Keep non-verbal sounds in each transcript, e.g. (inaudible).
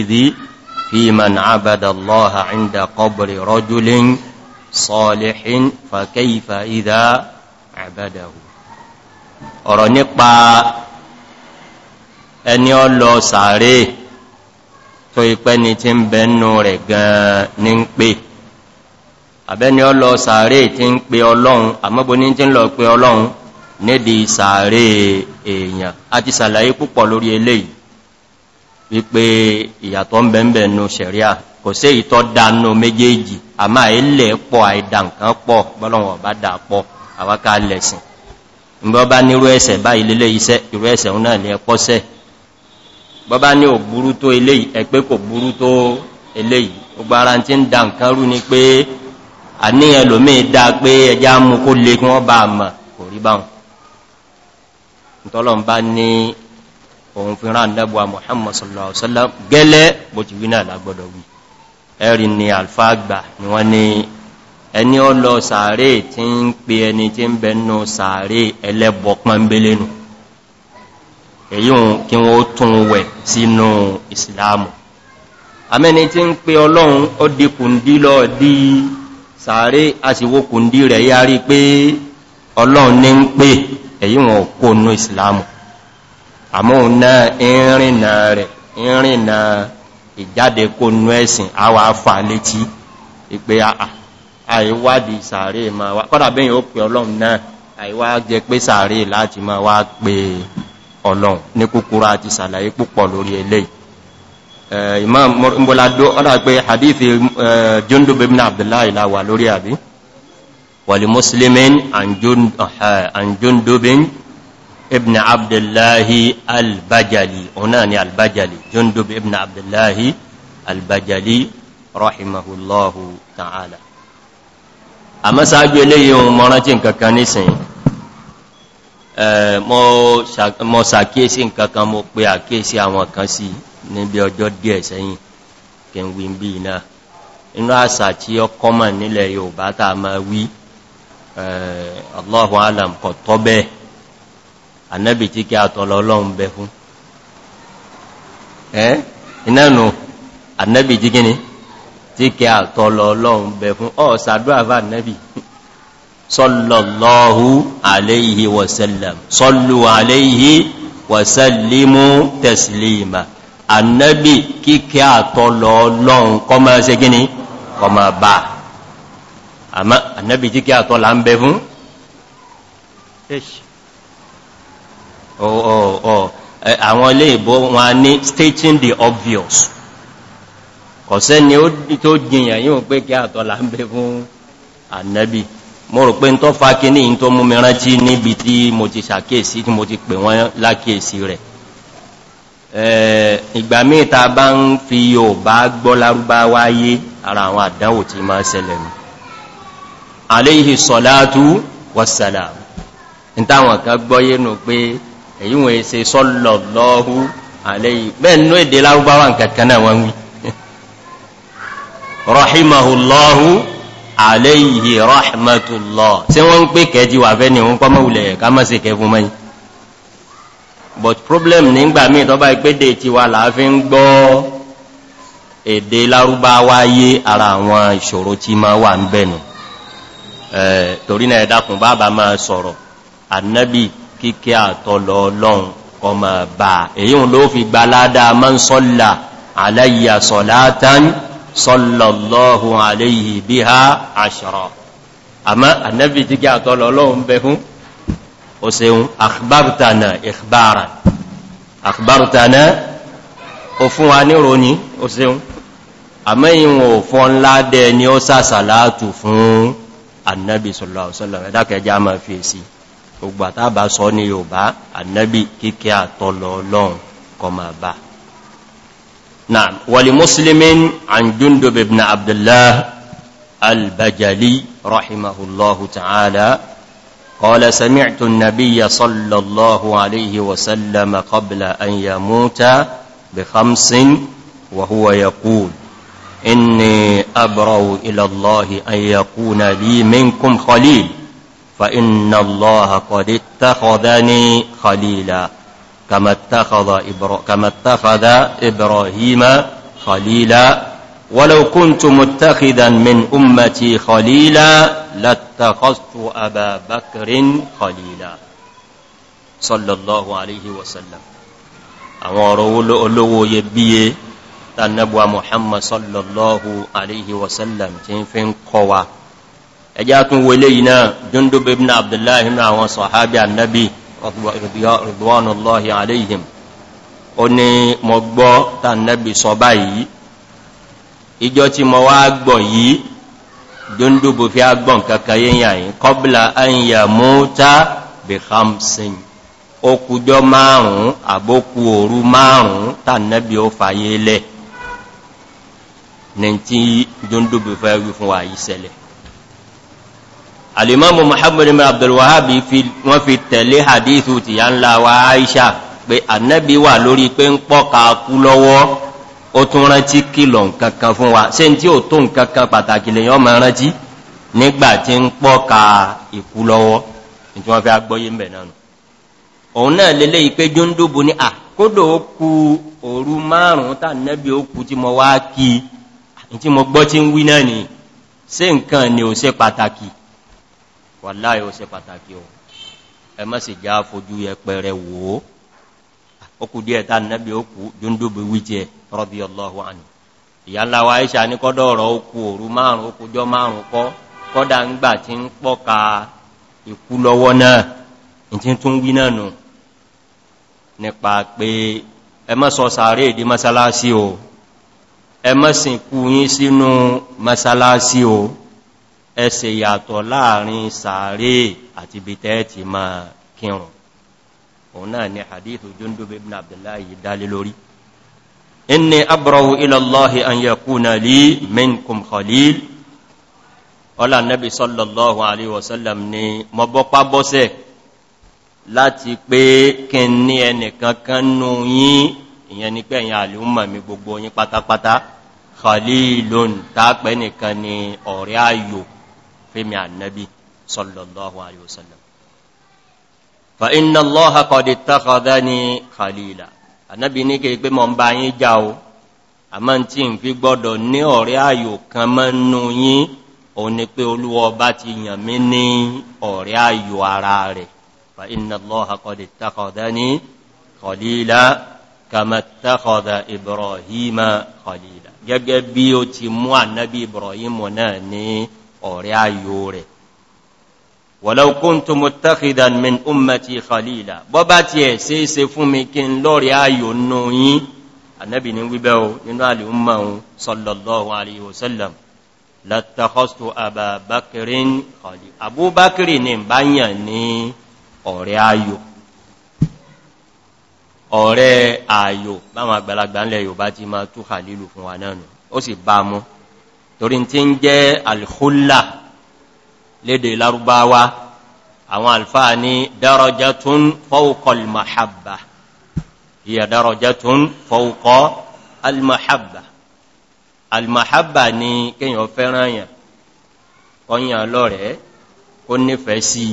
التنفيذ في من عبد الله عند قبر رجل صالح فكيف إذا عبده ọ̀rọ̀ nípa ẹni ọlọ sàárè tó ipẹ́ ni tí ń bẹnu rẹ̀ gan ní ń pè àbẹ́ni ọlọ sàárè tí ń pè ọlọ́run àmọ́bò ní tí ń lọ pè ọlọ́run nídi sàárè èèyàn àti sàlàyé púpọ̀ lórí wípé ìyàtọ̀ ń bẹ̀m̀bẹ̀ nù sẹ̀ríà kò sí ìtọ́ dánú méjèèjì a máa ilẹ̀ pọ̀ àìdà nǹkan pọ̀ bọ́lọ̀wọ̀ bá dà pọ̀ àwákà lẹ̀sìn bọ́bá ní irú ẹsẹ̀ bá ilé iṣẹ́ irú ẹsẹ̀ náà lè pọ́sẹ̀ bọ́bá ní ò burú tó eléyìí ni bá ní òun fi rán nẹ́bùwa Muhammad sallallahu alaihi wasallam gẹ́lẹ́ bó ti wí náà lágbọ́dọ̀ wí ẹ̀rì ni alfagba ni wọ́n ni ẹni ó lọ sàárè tí ń pe ẹni tí ń bẹnu sàárè ẹlẹ́bọ pọ́nbélénu èyí kí wọ́n tún wẹ̀ sínú ìsìláàmù amẹ́ni tí ń pe ọlọ́run ó di kùndí lọ di sàárè àsìwò rẹ̀ yárí pé ọlọ́run ní ń pè èyí wọn kó nú ìsìláàmù àmọ́ òun náà ìrìnà rẹ̀ ìrìnà ìjáde kó nú ẹ̀sìn àwà afà létí ìpé àìwádìí sàárè ma wá kọ́dà bẹ́yìn ó pè ọlọ́run náà àìwá jẹ pé sàárè láti ma wá pè ọlọ́run ní kúkúrú àti sàlàyé púpọ̀ lórí eléyìí imam hadithi jundub ibn abdullahi láwà lórí àbí wàlì muslimin and eh, jundubin ibn abdullahi albajali ọ̀nà ni albajali jundub ibn abdullahi albajali rahimahullahu ta'ala a masáájú eléyìí ohun mọ́rán tí nkankan nísìn mọ́ sàkíyèsí nkankan mo pé àkíyèsí àwọn kan sí níbi ọjọ́ díẹ̀ sẹ́yìn kí n wí bí náà inú àṣà tí ó kọ́mọ̀ nílẹ̀ ta ma wí Allahu alam kọ̀ tọ́bẹ̀ẹ́ annabi tí kí àtọ̀lọ ọlọ́run bẹ fún ẹ́ inánu annabi tí gíní tí kí àtọ̀lọ ọlọ́run bẹ fún ọ sàdúrà fà annabi sallallahu alaihi wasallam sallu alaihi wasallimu taslima annabi kíkẹ́ àtọ̀lọ ọlọ́run kọ máa ṣe gíní kọ máa bá àmá annabi tí kí àtọ̀lọ ń bẹ fún Ish àwọn ilé ìbò wọn ní stating the obvious kọ̀sẹ́ ni ó tó jìyàn yíò pé kí àtọ́là ń bẹ fún ànábì mo rò pé ń tọ́ fa kí ní ìyìn tó mú mi rántí níbi tí mo ti sàkíyèsí tí mo ti pè wọ́n lákíyèsí rẹ̀ ìgbà míì ta bá ń fi yóò bá gbọ́ lárúbáwá yé ara àwọn àdánwò tí máa ṣẹlẹ̀ mi aléhì sọ̀látú wàsàlá ìtàwọn kan gbọ́yé nù pé èyí wọ́n èsè sọ́lọ̀lọ́hú àléyìí bẹ́ẹ̀ nú èdè lárúbáwà nǹkankan náà wọ́n wí rahimahullahu àléyìí rahmatullah tí wọ́n ń pè kẹjí wà fẹ́ ni wọ́n pọ́ mọ́wulẹ̀ ká mọ́ sí kẹfún mọ́yí but problem nígbà míì tọ́bá ìpédè ti wà láàfin ń gbọ́ èdè lárúbáwá yé ara àwọn ìṣòro tí ma wà ń bẹ̀nu torí náà ẹ̀dàkùn bá bá máa sọ̀rọ̀ annabi kíkẹ́ àtọ́lọ ọlọ́run kọmọ bá èyí ló fi gbalada man sọ́lá aláyà sọ̀látán sọ́lọ̀lọ́hù aléyìí bí ha aṣọ́rọ̀ àmá annabi tí kí àtọ́lọ ọlọ́run bẹ fún ó seun akhbartana ikhbara akhbartana ó fún wa ní roni ó seun àmá ìwọ̀n ò fọ́n ládẹ ni ó sàsàlátù fún annabi sọ̀lọ̀ ọ̀sọ̀lọ̀ ẹ̀dákẹjá máa fi èsì gbogbo àtàbà sọ ní yorùbá annabi kíkẹ́ àtọ́lọ ọlọ́run kọ ma bá náà wàlì muslimin an jundub ibn abdullah albajali rahimahullahu ta'ala قال سمعت النبي صلى الله عليه وسلم قبل أن يموت بخمس وهو يقول إني أبرأ إلى الله أن يكون لي منكم خليل فإن الله قد اتخذني خليلا كما اتخذ, كما اتخذ إبراهيم خليلا ولو كنت متخذا من أمتي خليلا لاتخذت أبا بكر خليلا صلى الله عليه وسلم àwọn ọ̀rọ̀ يبيه تنبوى محمد صلى الله عليه وسلم alaihi قوى ẹjá tún wọlé yìí náà Jundub ibn Abdullahi ibn àwọn sọ̀hábí annabi ridwanullahi alayhim ó ní mo gbọ́ ta annabi sọ báyìí ìjọ tí mo wá gbọ́ yìí Jundub fi agbọ́n kankan yíyàn qabla an yamuta bi khamsin ó márùn-ún àbókù òru márùn-ún tànàbí ó fàyé lẹ̀ ní tí fẹ́ wí fún wa yìí ṣẹlẹ̀ alìmọ́mù muhammad ibn abdulwahabi wọ́n fi tẹ̀lé hadithu ti ya ńlá wa aisha pé annabi wà lórí pé ń pọ́ka kú lọ́wọ́ ó tún rántí kìlọ̀ nkankan fún wa ṣe tí ó tó nkankan pàtàkì lèyàn ma rántí nígbà tí ń pọ́ka ìkú lọ́wọ́ tí wọ́n fi agbóyé mẹ́ nánu òun náà lélẹ́ ìpé júndùbù ní à kódò ó ku òru márùn-ún tà nẹ́bí ó ku tí mo wá kí tí mo gbọ́ tí ń wí náà ni ṣe nǹkan ni ò ṣe pàtàkì wàláhì ó ṣe pàtàkì o ẹ má sì já fojú yẹpẹrẹ wò ó okù díẹ̀ tá nábì okù dúndúbù wíjẹ radiyallahu anhu ìyálá wa Aisha ní kọ́dọ̀ ọ̀rọ̀ okù òru márùn okùjọ márùn kọ́ kọ́dà ń gbà tí ń pọ́ka ikú lọ́wọ́ náà ìtí tún wí náà nù nípa pé ẹ má sọ sàárè ẹsẹ̀ yàtọ̀ láàrin sàárè àti bitẹ́ ti ma kírùn òun náà ni hadithu jundub ibn abdullahi dálé lórí inni abrahu ilallahi an yakuna li minkum khalil ọlá nabi sallallahu alaihi wasallam ni mọ́bọ́pá bọ́sẹ̀ láti pé kí ní ẹnìkan kan nù yín ìyẹn ni pé ẹ̀yìn àlúmọ̀ mi gbogbo yín pátápátá khalilun tápẹ́ nìkan ni ọ̀rẹ́ ayò fẹ́mi ànẹ́bí sallallahu alayhi wa sallam fa inna allaha qad ittakhadhani khalila ànẹ́bí ní kìí pé mọ́ ń bá yín já o a máa tí ń fi gbọ́dọ̀ ní ọ̀rẹ́ ayò kan mọ́nú yín o ní pé olúwa bá ti yàn mí ní ọ̀rẹ́ ayò ara rẹ̀ fa inna allaha qad ittakhadhani khalila kama ittakhadha ibrahima khalila gẹ́gẹ́ bí ó ti mú ànẹ́bí ibrahim náà ní ọ̀rẹ́ ayò rẹ̀ walau kuntu muttakidan min ummati khalila bọ́ bá ti ẹ̀ sí ṣe fún mi kí n lọ́rẹ̀ ayò nù yín annabi ni wíbẹ́ o nínú alìumma o sallallahu alaihi wasallam latakhastu ababakirin ọ̀rẹ́ ayò báwọn àgbàlagbà ńlẹ̀ Yorùbá ti máa tú khalilu fún wa náà ó sì bá mú torí tí ń jẹ́ alhulla lédè lárúbáwá àwọn alfáà ní darajatun fawqa almahabba hiya darajatun fawqa almahabba almahabba ni kíyàn fẹ́ràn yàn kọyàn lọ́rẹ̀ kó nífẹ̀ẹ́ sí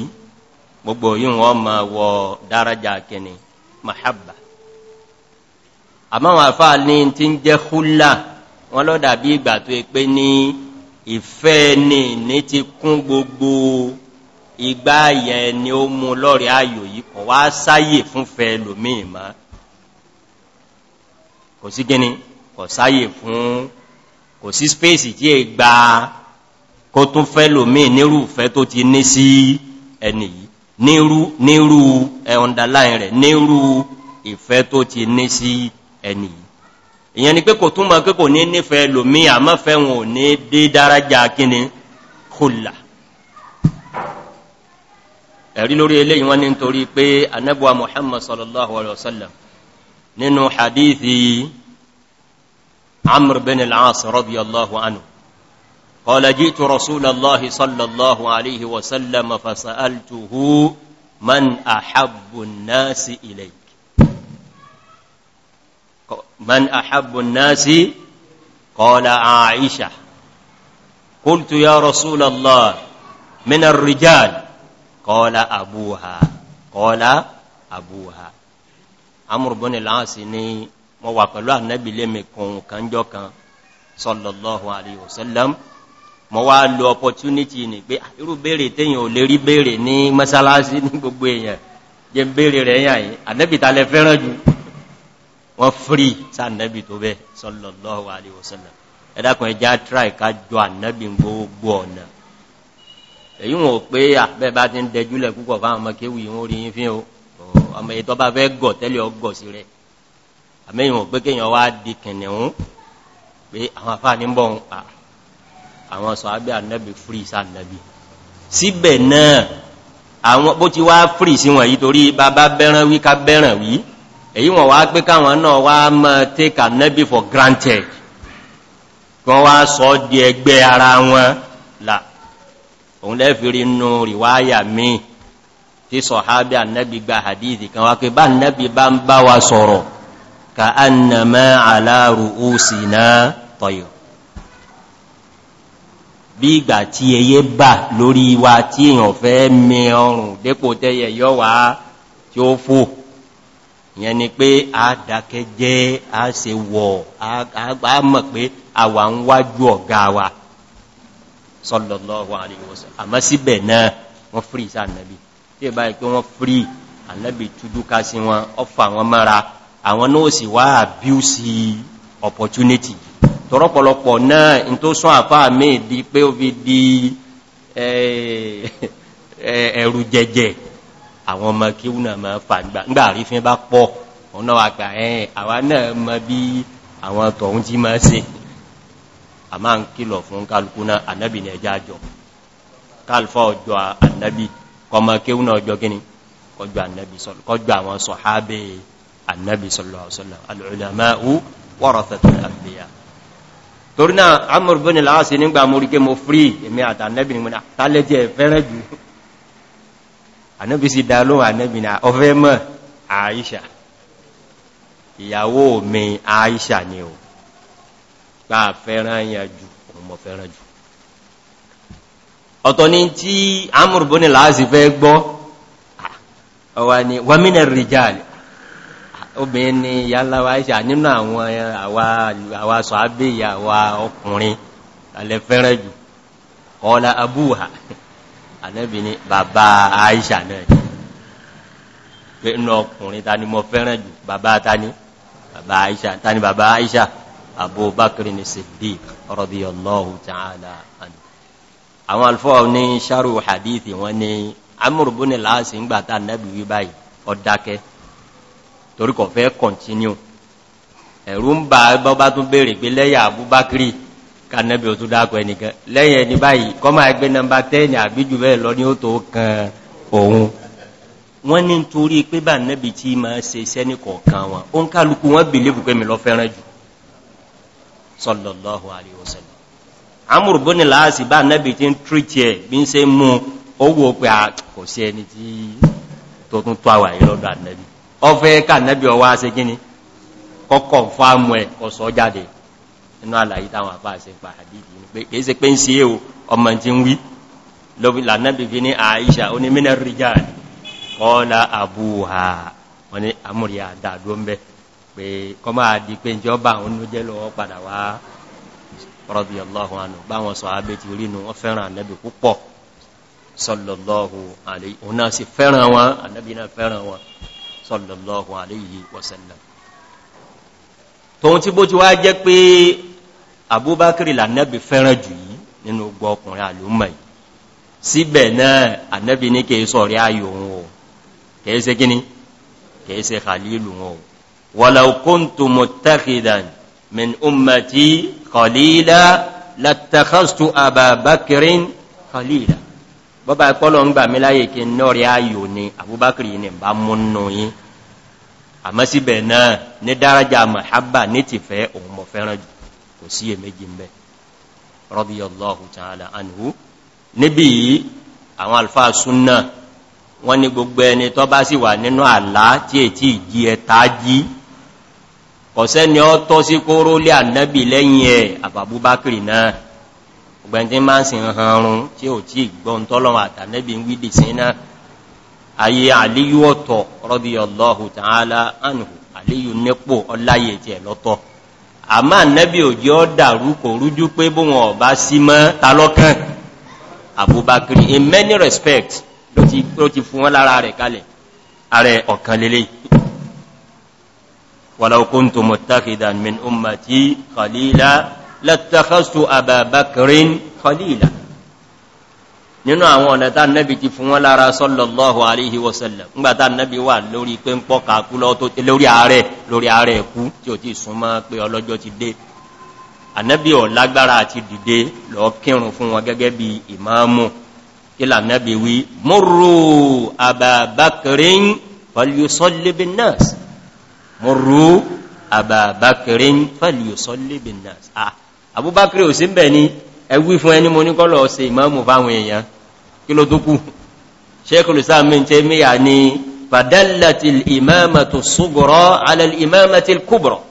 gbogbo yíò wọ́n ma wọ daraja kìnnì mahabba àmáwọn alfáà ní tí ń jẹ́ hulla wọ́n ló dàbí ìgbà tó yẹ pé ní ìfẹ́ ní ní ti kún gbogbo ìgbà yẹn ni ó mú lọ́rẹ̀ ayò yìí kọ̀ wá sáyè fún fẹ́ lòmíì má kò sí gíní kọ̀ sáyè fún kò sí spéèsì tí è gba kó tún fẹ́ lòmíì nírúfẹ́ tó ti ní sí ẹni yìí nírú nírú ẹ̀ rẹ̀ nírú ìfẹ́ tó ti ní sí ẹni yìí ìyẹn ni pé kò túnmọ̀ pé kò ní nífẹ̀ẹ́ lòmí àmọ́fẹ́ wọn ò ní dé dárájá kíni kòlà ẹ̀rí lórí eléyìí wọ́n ní nítorí pé anẹ́bùwa Muhammad sallallahu alaihi wasallam nínú hadithi Amr bin al-As radiyallahu anhu qala ji'tu rasulallahi sallallahu alaihi wasallam fasa'altuhu man ahabbu nasi ilayhi من أحب الناس قال عائشة قلت يا رسول الله من الرجال قال أبوها قال أبوها عمرو بن العاص ni mo wà pẹ̀lú ànábì lémi kan kanjọ́ kan sallallahu alayhi wa sallam mo wá lo opportunity ni pé ah, irú béèrè téèyàn ò lè rí béèrè ní mọ́sálásí ní gbogbo èèyàn jẹ́ béèrè rẹ̀ yàn yìí ànábì ta lẹ fẹ́ràn jù wọ́n fírí sáànẹ́bì tó bẹ́ sallallahu alaihi wasallam ẹ̀dàkùn ẹja try ká jọ ànẹ́bì gbogbo ọ̀nà èyí wọn ò pé àbẹ́ bá ti ń dẹjúlẹ̀ púpọ̀ fáwọn ọmọ kéwì wọn rí yín fíhàn ọmọ ètò bá fẹ́ gọ̀ tẹ́lẹ̀ ọgọ̀ sí rẹ̀ àmẹ́yìn wọn pé kéèyàn wá di kìnnìún pé àwọn afá ní bọ́ àwọn sọ abẹ́ ànẹ́bì fírí sáànẹ́bì síbẹ̀ náà àwọn bó ti wá fírí sí wọn yìí torí bàbá bẹ́ràn wí ká bẹ́ràn wí èyí wọ́n wá pé káwọn náà wá mọ́ take ànábì for granted kan wá sọ di ẹgbẹ́ ara wọn là òun lẹ́fìrí inú ríwáyà míì tí sọ̀hábí ànábì gba hadithi kan wá pé bá ànábì bá ń bá wa sọ̀rọ̀ ka annama ala ru'usina tayr bí ìgbà tí ẹyẹ bà lórí wa tí èyàn fẹ́ mẹ ọrùn dépò tẹ́yẹ yọ́ wá tí ó fò ìyẹn ni pé a dákẹ́ jẹ́ a ṣe wọ̀ a mọ̀ pé a wà ń wájú ọ̀gá wa sallallahu alaihi wasallam àmọ́ síbẹ̀ náà wọ́n fírí sí ànàbí tí è báyìí pé wọ́n fírí ànàbí túdúká sí wọn ọfà wọn mara àwọn náà sì wá àbíúsí opportunity tọ́rọpọ̀lọpọ̀ náà in tó sún àfáà méè di pé ó fi di eh, (laughs) eh, ẹ̀rù jẹjẹ àwọn ọmọ kí ó náà máa fà nígbà rí fi bá pọ̀ ọ̀nà àgbà ẹ̀yìn àwa náà mọ bí àwọn tọ̀hún tí máa ṣe a máa ń kìlọ̀ fún kálukú náà annabi ní ẹjá jọ kálfà ọjọ́ annabi kọmọ kí ó náà ọjọ́ gíní kọjọ́ àwọn sọ̀hábẹ̀ annabi sallallahu alaihi ànábì sí dálóhùn ànábì ní ọfẹ́ mọ́ àìṣà ìyàwó mi àìṣà ni o bá fẹ́ràn yà jù òun mọ̀ fẹ́ràn jù ọ̀tọ̀ ni tí amúrùbó ní láàzì fẹ́ gbọ́ ọwà ni wàmínà rìjáàlì obìnrin ni yálàwà àìṣà nínú àwọn àwà sọ̀ábẹ̀ ìyàwà ọkùnrin alẹ́fẹ́rẹ́ jù ọ̀la abúhà ànẹ́bì ni bàbá Aisha náà pé inú ọkùnrin ta ni mo fẹ́ràn jù bàbá ta ni bàbá Aisha ta ni bàbá Aisha Abubakar ni Siddiq radiyallahu ta'ala anhu àwọn alfọ́ ní sharu hadithi wọn ni amúrùbú ni láàsì ń gbàtà nẹ́bì wí báyìí ọdákẹ́ torí kò fẹ́ continue ẹ̀rù ń bá bọ́bá tún béèrè pé lẹ́yà Abubakar kanẹ́bì ò tó dákọ̀ ẹnìkan lẹ́yìn ẹni báyìí kọ́ máa gbé nọmbà tẹ́ẹ̀nì àbíjù bẹ́ẹ̀ lọ ní ó tó kan òun wọ́n ní torí pé bá nẹ́bì tí ma ṣe iṣẹ́ ní kọ̀ọ̀kan wọn ó ń kálukú wọ́n bèlé bùkẹ́ sallallahu alaihi wasallam amúrùbó ni láàsì bá nẹ́bì tí ń tríti ẹ̀ bí ń ṣe mú owó pé a kò sí ẹni tí tó tún tó kọ́kọ̀ fáàmù ẹ̀ kọ̀ jáde inú àlàyé táwọn àpá àṣẹ pa àdìdì ní pé kèése pé ń sí èò ọmọ tí ń wí lànàbì fi ní àìṣà onímìnà rijal kọ́ọ́lá àbúhà wọ́n ni àmúrí àdàdó ń bẹ́ pé kọ́ máa di pé ìjọba àwọn oúnjẹ́ lọ padà wá radiyallahu anhu báwọn sọ abẹ́ ti rí inú wọ́n fẹ́ràn ànàbì púpọ̀ sallallahu alayhi òun náà sì fẹ́ràn wọn ànàbì náà fẹ́ràn wọn sallallahu alayhi tí bó ti wá jẹ́ pé abúbákìrì lànẹ́bì fẹ́ràn jù yìí nínú gbọ́ ọkùnrin àlúmọ̀ yìí síbẹ̀ náà ànẹ́bì ní kèé sọ̀rí ayò wọn o kèé se gíní kèé se khalilu wọn o walau kuntu muttakidan min ummati khalila latakhastu ababakirin khalila bọ́bá ẹ̀kọ́lọ̀ ń gbà mí láyé kí n nọ́rí ayò ni abúbákìrì ní bá múnú yìí àmọ́ síbẹ̀ náà ní dárájà mọ̀hábà ní ti òun mọ̀ fẹ́ràn jù kò sí èméjì ń bẹ radiyallahu ta'ala anhu níbi àwọn alfa súnnà wọ́n ní gbogbo ẹni tó bá sì wà nínú àlá tí ètí ìjí ẹta jí kọ̀sẹ́ ni ọ tọ́ sí kóró lé ànábì lẹ́yìn ẹ̀ àbàbúbákìrì náà ọgbẹ̀ntí máa ń sin hanrun tí ò tí gbọ́n tọ́lọ́wọ́ àtànẹ́bì ń wídì sí náà ayé àlíyú ọ̀tọ̀ radiyallahu ta'ala anhu àlíyú nípò ọláyé tí ẹ̀ àmá nẹ́bí òjò dàrú kò rújú pé bó wọn ọ̀bá sí mọ́ talọ́kàn àbúbákiri in many respect ló ti fún wọn lára rẹ̀ kalẹ̀ ààrẹ ọ̀kan lélẹ̀ wàláukún tó mọ̀tàkìdàn min ummati khalila látàkàstù àbàbákirin khalila nínú àwọn ọ̀nà tá nẹ́bì ti fún wọn lára sallallahu alaihi wasallam ngbàtá nẹ́bì wà lórí pé ń pọ́ka kú lórí ààrẹ lórí ààrẹ ẹ̀kú tí ó ti súnmọ́ pé ọlọ́jọ́ ti dé ànẹ́bì ò lágbára àti dìde lọ kírun fún wọn gẹ́gẹ́ bí ìmáàmù kí lànẹ́bì wí murru Aba Bakrin falyusalli bin nas ẹwí fún ẹni mo ní kọ́ lọ ṣe ìmáàmù fáwọn èèyàn kí ló dúkù ṣékùlù sáàmìn tẹ́ mẹ́yà ní fàdálàtì ìmáàmàtò ṣúgbọ́rọ̀ alẹ́lìmáàmàtì kúbọ̀rọ̀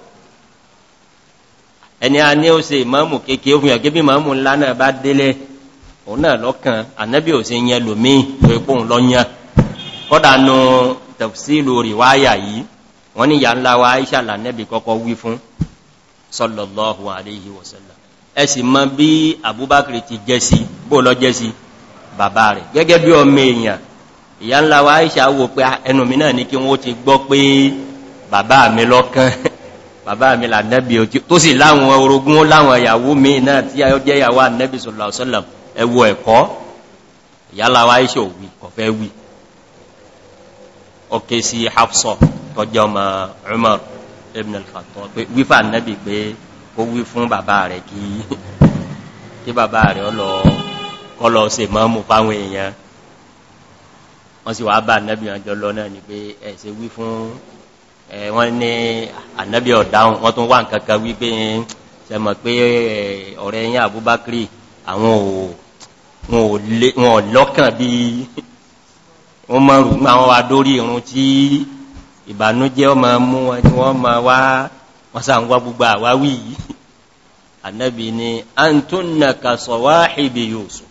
ẹni a ní ó ṣe ìmáàmù kéèkéé fún yàn gébí ìmáàmù ńlá náà bá délé òun náà lọ́kàn ànábì ò sí yẹn lòmí tó ẹ sì mọ̀ bí Abubakar ti jẹ́ sí bó lọ jẹ́ sí bàbá rẹ̀ gẹ́gẹ́ bí ọmọ èèyàn ìyá ńlá wa Aisha wò pé ah, ẹnu mi náà ní kí wọ́n ti gbọ́ pé bàbá mi lọ́kàn (laughs) bàbá mi là tó sì láwọn orogún láwọn ìyàwó mi náà tí ó jẹ́ ìyàwó nẹ́bí sallallahu Umar ibn al-Khattab wífà kó wí fún bàbá rẹ̀ kí kí bàbá rẹ̀ ọlọ kọlọ ṣe mọ́mù fáwọn èèyàn wọ́n sì wá bá ànábì àjọ lọ náà ni pé ẹ̀ ṣe wí fún ẹ̀ wọ́n ní ànábì ọ̀dáhùn wọ́n tún wà nǹkankan wí pé ṣe mọ̀ pé ọ̀rẹ́ yín àbúbákírì àwọn ò bí wọ́n mọ̀rùn àwọn adórí ìrun tí ìbànújẹ́ ọmọ mú wọn tí wọ́n mọ̀ wá wọ́n sáà ń wá gbogbo àwáwí yìí annabi ni antunna ka sawahibi Yusuf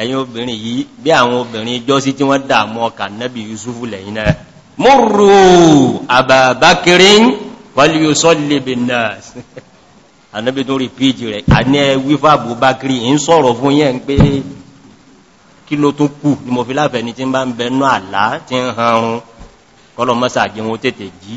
ẹ̀yin obìnrin yìí bí àwọn obìnrin jọ́sí tí wọ́n dààmú ọkà annabi Yusuf lẹ́yìn náà murru Aba Bakrin wal yusalli bin nas annabi tó rí píjì rẹ̀ àní wífà Abu Bakri ń sọ̀rọ̀ fún yẹn pé kí ló tún kù ni mo fi láfẹ́ ni tí ń bá ń bẹnú àlá tí ń hanrun kọ́lọ̀ mọ́sàgbé wọn tètè jí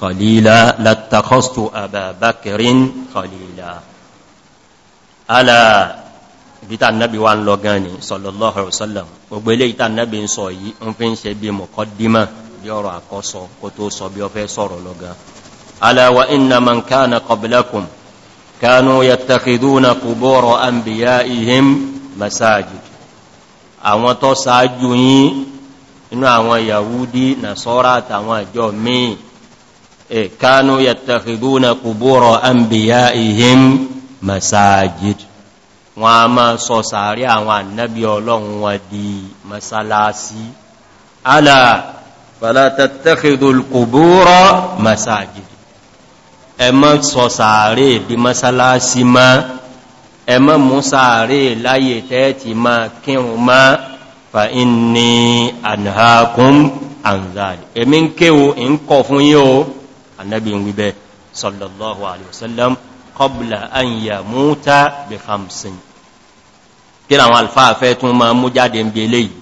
خليلا لاتخذت أبا بكر خليلا ألا بيتا النبي وان لغاني صلى الله عليه وسلم وبلي تا النبي سو يي ان فين سي بي مقدمه بيورو اكوسو كو تو سو بي او في سورو لغان الا وان من كان قبلكم كانوا يتخذون قبور انبيائهم مساجد àwọn tó ṣáájú yín inú àwọn yahudi nasọ́rọ̀ àtàwọn àjọ míì Eh, kanu yattakhiduna qubura anbiyaihim masajid wọ́n a máa sọ sàárì àwọn annabi Ọlọ́run wọ́n di masalasi ala fala tattakhidul qubura masajid ẹ má sọ sàárì di masalasi ma ẹ má mú sàárì láyé tẹ́ẹ̀tì ma kírun ma fa inni anhaakum anzali èmi ń kéwò ń kọ̀ fún yín annabi wí bẹ́ẹ̀ sallallahu alaihi wasallam qabla an yamuta bi khamsin kila àwọn alfa fe tún ma mú jáde nbi eléyìí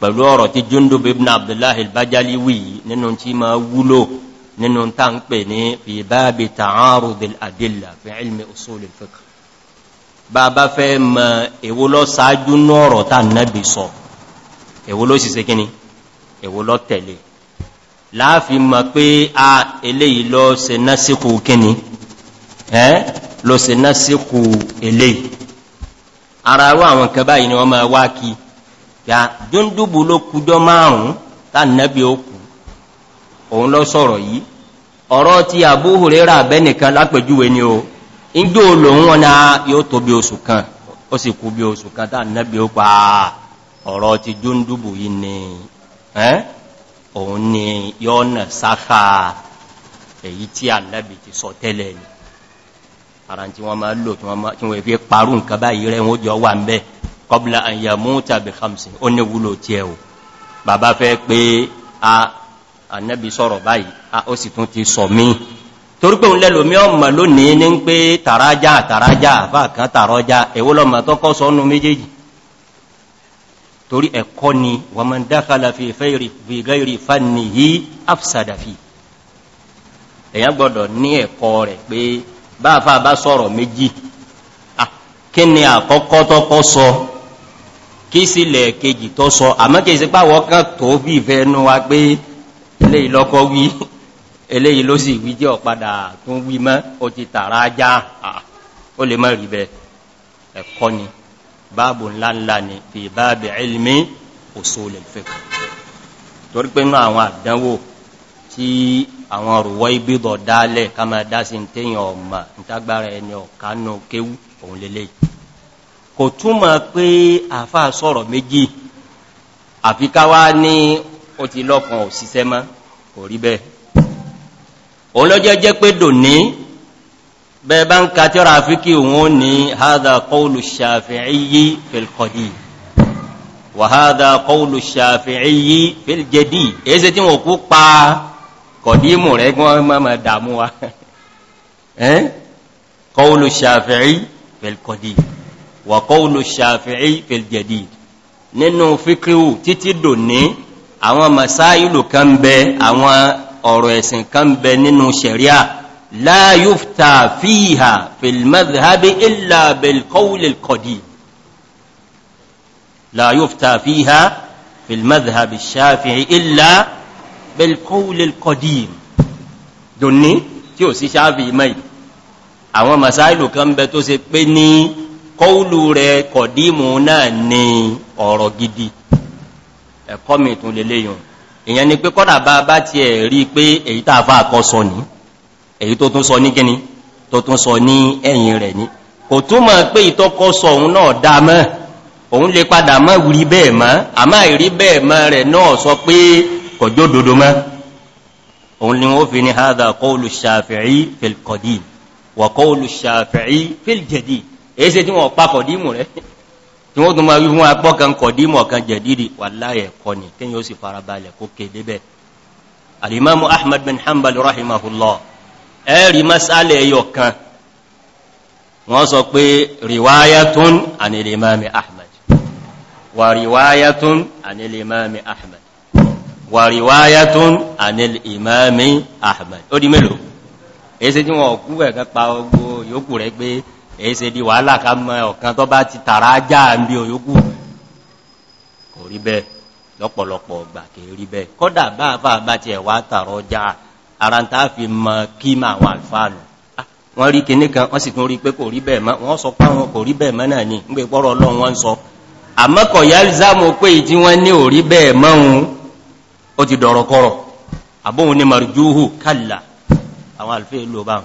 pẹ̀lú ọ̀rọ̀ tí Jundub ibn Abdullah al-Bajali wí nínú tí ma wúlò nínú tá ń pè ní fi bábi ta'arud al-adilla fi ilmi usul al-fiqh bàbá fẹ́ mọ èwo ló ṣáájú nọ́rọ̀ tá nábì sọ èwo ló sì ṣe kíni láàfin ma pé a eléyìí lọ se ná kíni ẹ́ lọ se ná eléyìí ara rú àwọn yìí ni wọ́n máa wá kí ya dúndùbù ló kújọ márùn-ún tá nẹ́bí òun lọ sọ̀rọ̀ yìí ọ̀rọ̀ ti àbúhù rírà bẹ́nìkan lápẹjúwe ni o ingbó lòun wọn náà yóò tó bí oṣù kan ó sì yìí ni òun ni yọ́nà sáfà èyí tí ànábì ti sọ tẹ́lẹ̀ ni ara tí wọ́n máa lò tí wọ́n fi parú nǹkan báyìí rẹ̀ wọ́n jọ wà ń bẹ́ àyà múta bí hamsin ó ní wúlò tí ẹ̀ o bàbá fẹ́ pé a ànábì sọ̀rọ̀ báyìí a ó sì tún ti sọ mí torí pé òun lẹ́lòmí ọmọ lónìí ní pé tàrájá tàrájá torí ẹ̀kọ́ ni wa man dakhala fi ghayri fannihi afsada fi èyàn gbọ́dọ̀ ní ẹ̀kọ́ rẹ̀ pé báfà bá sọ̀rọ̀ méjì kí ni àkọ́kọ́ tọ́kọ́ sọ kí sí lẹ̀ kejì tọ́ sọ àmọ́ kìí sí pàwọ́ kan tó bí ìfẹ́ ẹnu wa pé eléyìí lọ́kọ́ wí báàbù ńláńlá ni fi báàbì ilmi usul al-fiqh torí pé ní àwọn àdánwò tí àwọn ọ̀rọ̀wọ́ ibìdọ̀ dálẹ̀ ká máa dá sí tẹ́yìn ọ̀mà ìtagbára ẹni ọ̀kánú kéwú òun lélẹ̀ kò túmọ̀ pé àfáà sọ̀rọ̀ méjì àfikáwá ní ó ti lọ́kàn òṣìṣẹ́ mọ́ kò rí bẹ́ẹ̀ òun lọ́jẹ́ jẹ́ pé dòní bẹ̀ẹ̀bá ń ka tíọ́rà fíkí wọn ni haza kọlù ṣàfi'iyí filkọdí wà haza kọlù ṣàfi'iyí filjẹdí èése tí wọ́n kú pa kọ̀dímù rẹ̀ gbọ́n mọ́mọ̀ dàmú wa kọlù ṣàfi'í filkọdí wà kọlù ṣàfi'í filjẹdí nínú fíkíwù títí dò ní àwọn masáìlù kan bẹ la yufta fiha fil madhhabi illa bil qawl al qadim la yufta fiha fil madhhabi shafi'i illa bil qawl al qadim doni tí ó sì shafi mai àwọn masailu kan bẹ́ tó ṣe pé ní qawlu rẹ̀ qadimu náà ni ọ̀rọ̀ gidi ẹ̀kọ́ mi tún leleyon ìyẹn ni pé kódà bá bá tiẹ̀ rí pé èyí tá fà kò sọ ni èyí tó tún sọ ní gíní tó tún sọ ní ẹ̀yìn rẹ̀ ní kò túmọ̀ pé ìtọ́kọ́ sọ òun náà dá mọ́ òun lè padà mọ́ rí bẹ́ẹ̀ mọ́ àmá ìrí bẹ́ẹ̀ mọ́ rẹ̀ náà sọ pé kọjó dodo mọ́ òun ni wọ́n fi ní hadha qawlu shafi'i fil qadim wa qawlu shafi'i fil jadid èyí ṣe tí wọ́n pa kọ̀dímù rẹ̀ tí wọ́n tún máa wí apọ́ kan kọ̀dímù ọ̀kan jẹ̀dìdì wà láyẹ̀ kọ́ ni kí sì farabalẹ̀ kó kéde bẹ́ẹ̀ alimamu ahmad bin hanbal rahimahullah ẹ̀rí masálẹ̀ ẹyọ kan wọ́n sọ pé riwayatun anil-imami ahmad wa riwayatun anil-imami ahmad wa riwayatun anil-imami ahmad ó di mélòó èése tí wọ́n kú ẹ̀kan pa ọgbó yóò rẹ̀ pé èése di wàhálà ká mọ́ ọ̀kan tó bá ti tàrà já ń bí òyókù kò rí bẹ́ẹ̀ lọ́pọ̀lọpọ̀ ọgbà kèé rí bẹ́ẹ̀ kọ́dà bá bá ti ẹ̀wà tàrọ já ara ń tàà fi mọ kí ma wà alfáànù ah, wọ́n rí kìíní kan wọ́n sì tún rí pé kò rí bẹ́ẹ̀ mọ́ wọ́n sọ pé àwọn kò rí bẹ́ẹ̀ mọ́ náà ni ń gbé pọ́rọ̀ ọlọ́run wọ́n sọ àmọ́kọ̀ yálìzámù pé ìdí wọ́n ní ò rí bẹ́ẹ̀ mọ́hun ó ti dọ̀rọ̀ kọrọ̀ àbóhun ni marjúhù kàlà àwọn alfẹ́ ìlú ọba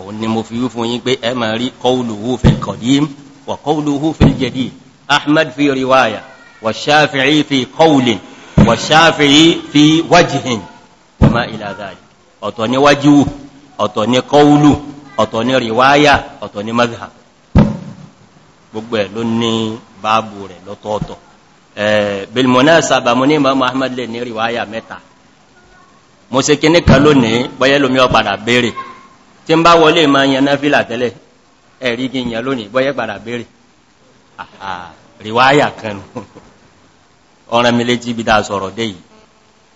òun ni mo fi wí fún yín pé ẹ máa rí kọlùhù fil qadim wa kọlùhù fil jadid ahmad fi riwaya wa shafi'i fi qawlin wa shafi'i fi wajhin wa ma ila dhalik ọ̀tọ̀ ni wájú ọ̀tọ̀ ni kọ́úlù ọ̀tọ̀ ni rìwáyà ọ̀tọ̀ ni mazhab gbogbo ẹ̀ ló ní báàbù rẹ̀ lọ́tọ̀ọ̀tọ̀ bilmunasaba mo ní Imam Ahmad lè ní rìwáyà mẹ́ta mo se kíní kan lónìí bọ́yẹ́ lómi ọ̀padà béèrè tí ń bá wọlé (laughs) sọ̀rọ̀ dé yìí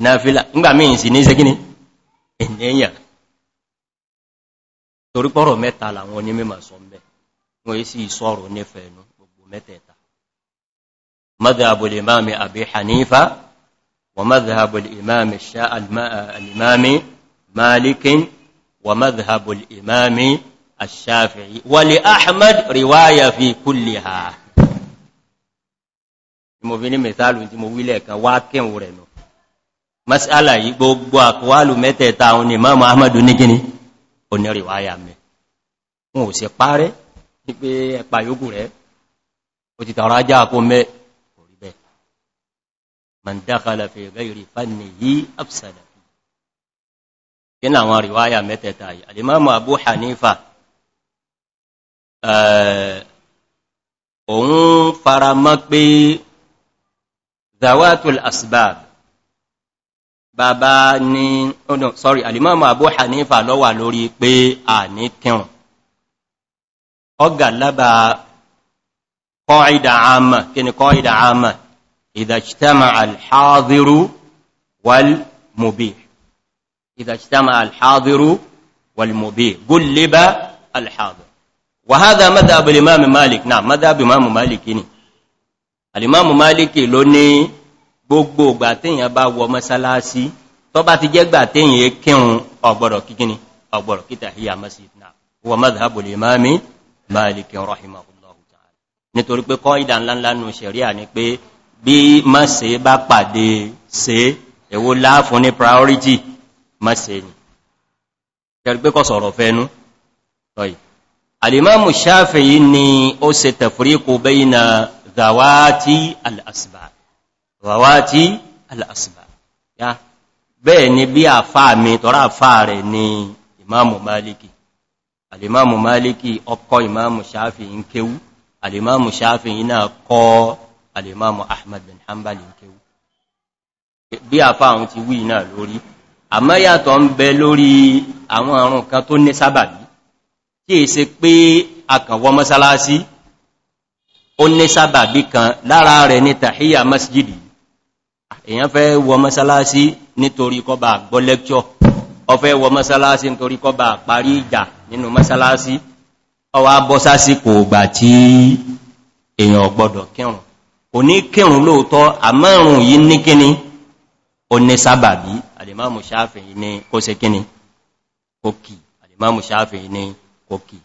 náàfílà ńgbà míì sí ní ṣekíní ènìyàn torí pọ́rọ̀ mẹ́ta làwọn onímẹ́mà sọ mẹ́ wọ́n yí sí ìṣọ́rọ̀ nífẹ̀ẹ́nu gbogbo mẹ́tẹ̀ẹ̀ta madhabul imami abi hanifa wa madhabul imami al-imami malikin wa madhabul imami masala yìí gbogbo àkọwàlù mẹ́tẹ̀ẹ̀ta àwọn ni máa muhammadu ní gíní onírìwáyà mẹ́ wọn ò sí parẹ́ ní pé ẹpa yóò rẹ̀ o ti tàrà ajá àkó mẹ́ orí bẹ́ man dákàlà fi fanni yí absada kí ní àwọn riwáyà mẹ́tẹ̀ẹ̀ta yìí alimamu abu hanifa eh, òun fara mọ́ pé zawatul asbab bàbá ní ọdún oh sorry alimamu Abu Hanifa lọ́wà lórí pé a ní kírùn ọgà lábà qaida àmà kí ni qaida àmà idha ijtama al-hadiru wal-mubih idha ijtama al-hadiru wal Malik na madhhab imam Malik ni al Malik ló ní gbogbo ìgbà téèyàn bá wọ mọ́sálásí tó bá ti jẹ́gbà téèyàn kírun ọ̀gbọ̀rọ̀ kíkíní ọ̀gbọ̀rọ̀ kíta híyà masjid náà wọ mazhabu limami malikin rahimahullahu ta'ala nítorí pé kọ́ ìdá ńláńlánú sẹ̀ríà ni pé bí mọ́sẹ̀ bá pàdé se èwo láàfún ní priority mọ́sẹ̀ ni kẹrì pé zawati al-asbab rọwátí al'asìbà ya bẹ́ẹ̀ ni bí àfá mi tọ́rọ àfá rẹ̀ ni imamu maliki alimamu maliki ọkọ̀ imamu shafi ń kéwú alimamu shafi iná kọ́ alimamu ahmad bin hanbali ń kéwú bí àfá àwọn ti wí náà lórí àmọ́ yàtọ̀ ń bẹ lórí àwọn àrùn kan tó ní sábàbí kí è se pé akànwọ mọ́sálásí ó ní sábàbí kan lára rẹ̀ ní tàhíyà masjidi èyàn fẹ́ wọ mọ́sálásí nítorí kó bá gbọ́ lẹ́kṣọ́ ó fẹ́ wọ mọ́sálásí nítorí kó bá parí ìjà nínú mọ́sálásí ó wá bọ́ sásìkò ìgbà tí èyàn gbọ́dọ̀ kírun kò ní kírun lóòtọ́ àmọ́rùn yìí ní kíní ó ní sábàbí alìmáàmù Ṣáfi'í ní kó ṣe kíní kókì alìmáàmù Ṣáfi'í ní kókì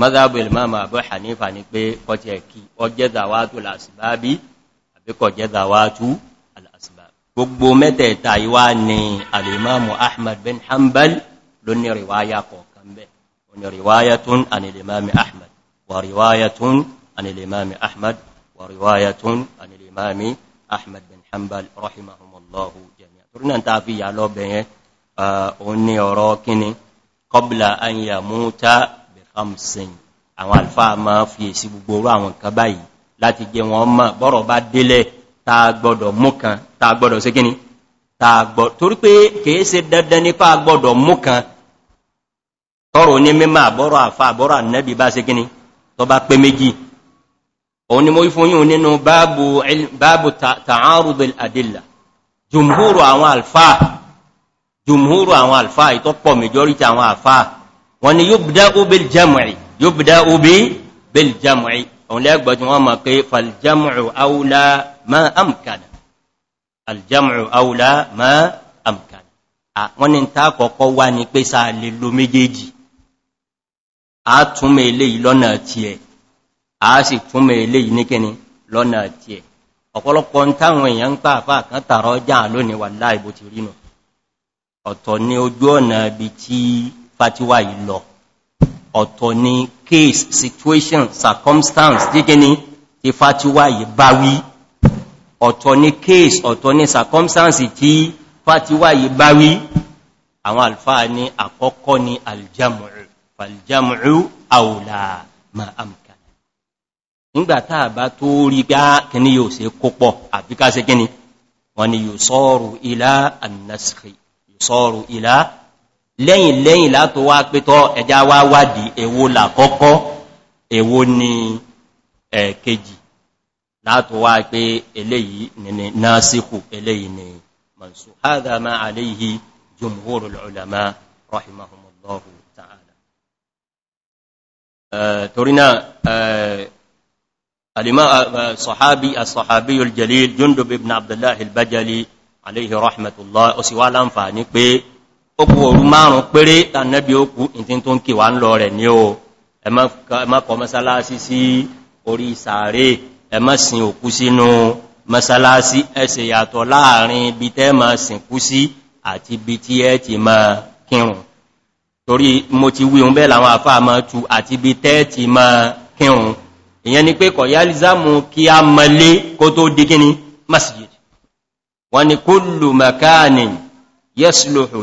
mazhabu alìmáàmù Abu Hanifa ní pé kọjẹ́ kí ọjẹ́ dàwátù làsìbábí àbíkọjẹ́ gbogbo mẹ́tẹ̀ẹ̀ta ìwá ni alìmáàmù ahmad bin hanbal ló ní ríwáyà kọ̀ọ̀kan bẹ́ oní ríwáyà tún anìlìmáàmì ahmad wà ríwáyà tún anìlìmáàmì ahmad wà ríwáyà tún anìlìmáàmì ahmad bin hanbal rahimahumullahu jami'a uh, láti jẹ wọn ta gbọ́dọ̀ mú kan ta gbọ́dọ̀ sí kíni ta gbọ́ torí pé kìí ṣe dandan nípa gbọ́dọ̀ mú kan tọ́rọ ní mímọ̀ àbọ́rọ̀ àfà àbọ́rọ̀ ànẹ́bì bá sí kíni tọ bá pé méjì òun ni mo fún yíò nínú báàbù ta'arudul adilla jùmhúrù àwọn alfa jùmhúrù àwọn alfa ìtọ́ pọ̀ majority àwọn alfa ma amkana aljam'u aula ma amkana wọ́n ni ta kọ̀kọ́ wá ní pé sáà lè lo méjèèjì a túnmẹ̀ ilé yìí lọ́nà tí ẹ̀ a sì túnmẹ̀ ilé yìí níkẹni lọ́nà tí ẹ̀ ọ̀pọ̀lọpọ̀ ń táwọn èèyàn ń pàápàá kan tààrọ já lónìí wà láìbò ti rínú ọ̀tọ̀ ni ojú ọ̀nà bí tí fatiwa yìí lọ ọ̀tọ̀ ni case situation circumstance tí kí ni ti fatiwa yìí bá wí ọ̀tọ̀ ní case ọ̀tọ̀ ní circumstance tí fàtíwà yìí bá wí àwọn alfáà ní àkọ́kọ́ ní aljamu faljamu aula ma amkana nígbàtà bá tó rí gbá ah, kíní yóò ṣe kópọ̀ àbí ká ṣe kíní wọ́n ni yóò sọ́rù ilá lẹ́yìn lẹ́yìn látò wá pétọ́ ẹjá wá wádìí èwo làkọ́kọ́ èwo ni ẹ̀kejì láàtò wá pé eléyìí nìní násíkù eléyìí ni mansu hádà ma aléyìí jùmhúrul ulama rahimahumullahu ta'ala torí náà sọ̀hábí as-sọ̀hábí al-jalil jundub ibn abdullahi al-bajali aléyìí rahmatullah ó sì wá láǹfààní pé ó kú òru márùn péré tànẹ́bí ó orí sàárè ẹ má sin òkú sínú mọ́sálásí ẹsẹ̀ yàtọ̀ láàrin ibi tẹ́ ma sìnkú sí àti ibi tí ẹ ti ma kírùn torí mo ti wí oúnbẹ́ làwọn àfá ma tu àti ibi tẹ́ ti ma kírùn ìyẹn ni pé kọ̀yálìzámù kí a mọ́lé kó tó di masjid wọ́n ni kúlù makani yẹ́sùlùhù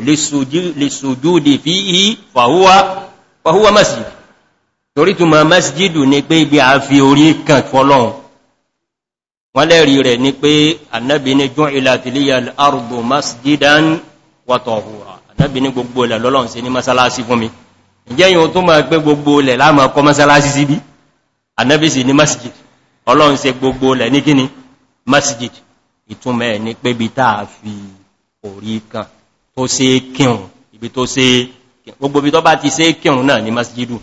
lèsùjúdì fi hì fàhúwa masjid torí túnmọ̀ masjid ni pé ibi a fi orí kan fọ́lọ́run wọ́n lẹ́rí rẹ̀ ní pé annabi ní jún ìlàtìlíyà al'arùgbò masjidan wàtọ̀hùra annabi ní gbogbo ilẹ̀ lọ́lọ́n sí ní masalasi fún mi ìjẹ́ yíò tó máa pé gbogbo ilẹ̀ láàmà kọ masalasi sí bí annabi sí ní masjid ọlọ́n sí gbogbo ilẹ̀ ní kíni masjid ìtumẹ̀ ní pé bí táà orí kan tó sé kírùn ibi tó sé gbogbo bí tó bá ti sé kírùn náà ní masjidu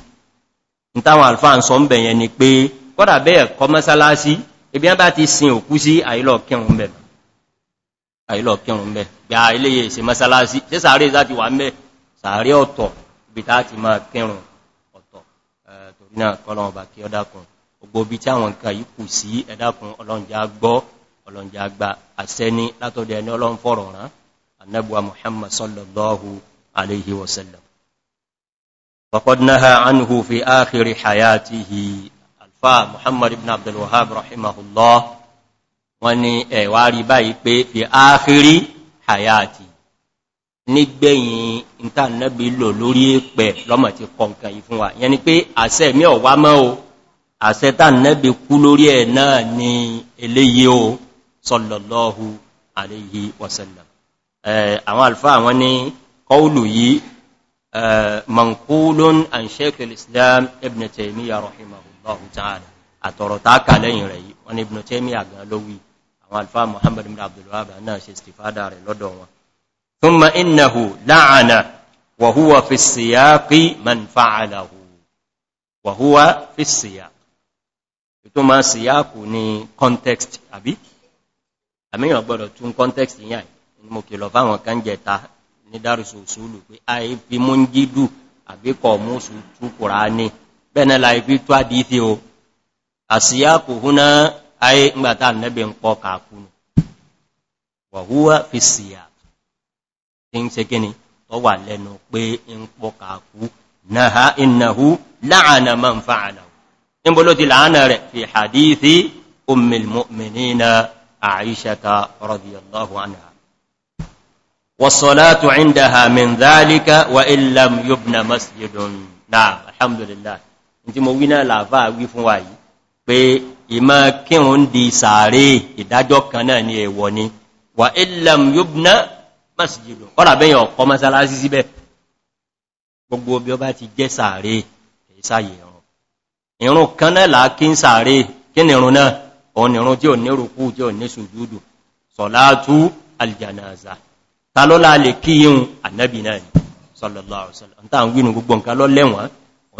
ní táwọn alfáà ń sọ ń bẹ̀yẹn ni pé kọ́dà bẹ́ẹ̀ kọ masalasi ibi a bá ti sin òkú sí àìlọ kírun bẹ̀ àìlọ kírun bẹ̀ gbà iléyè ìsẹ mọ́sálásí tí sàárè láti wà mẹ́ sàárè ọ̀tọ̀ ibi tá ti máa kírun ọ̀tọ̀ torí náà kọlọ̀wọ̀n bá kí ọdákun gbogbo ibi tí àwọn nǹkan yìí kù sí ẹdákun ọlọ́njá àfáà muhammad ibn abdulwahab rahimahullah wọ́n ní ẹ̀wà rí báyìí pé fi áàkiri hayati nígbẹ̀yìn ìntànẹ́bí lò lórí ẹ̀pẹ̀ lọ́mọ̀ ti kọǹkan yìí fún wa yẹni pé àṣẹ mi ọ̀wá mọ́ o àṣẹ tànẹ́bí kú lórí ẹ̀ náà ni eléyìí o sọlọ̀lọ́hu àríyí wọ̀sẹ̀lẹ̀ àwọn alfáà wọn ni kọlù yìí mankulun and sheikh islam ibn taimiyya rahimahu rahimahullahu ta'ala àtọ̀rọ̀ táàkà lẹ́yìn rẹ̀ yìí wọ́n ni Ibn Taymiyyah gan lówí àwọn alfa Muhammad ibn Abdul Wahhab náà ṣe istifada rẹ̀ lọ́dọ̀ wọn thumma innahu la'ana wa huwa fi siyaqi man fa'alahu wa huwa fi siyaq ètò máa siyaqu ní context àbí àmìyàn gbọ́dọ̀ tún context yàn ni mo kìlọ̀ fáwọn kan jẹta ní dárùsù òṣùlù pé àìfi mú ń jídù àbíkọ̀ mú sùn tún bẹ́ẹ̀nà láìfí tó àdíthí o àsíyákò húnná ayé ngbàtà nẹ́bẹ̀ ń pọ kàkúnù wàhúwá fi síyà tí ń se gíní tó wà lẹ́nu pé ń pọ kàkú náà ìnàhú láàánà ma ń fa'ànà níbolo ti n se gini to wa lenu pe n kọ kaku rẹ̀ fi hadithi ummil mu'minina aishata radiyallahu anha والصلاة عندها من ذلك وإن لم يبنى مسجد نعم الحمد لله tí mo wí náà làfà wí fún wa yìí pé ìmá kírùn ún di sàárè ìdájọ́ kan náà ni ẹ̀wọ̀ ni wà ilẹ̀m yóbná masjidu ọ́rà bẹ́yàn ọ̀kọ́ masalasi síbẹ̀ gbogbo bí ó bá ti jẹ́ sàárè ìsáyè ẹ̀rùn ìrùn kan náà láàkí ń sàárè kí nìrùn náà òun tí aljanaza ta lọ́lá lè kíyìn annabi náà sallallahu alaihi wasallam ta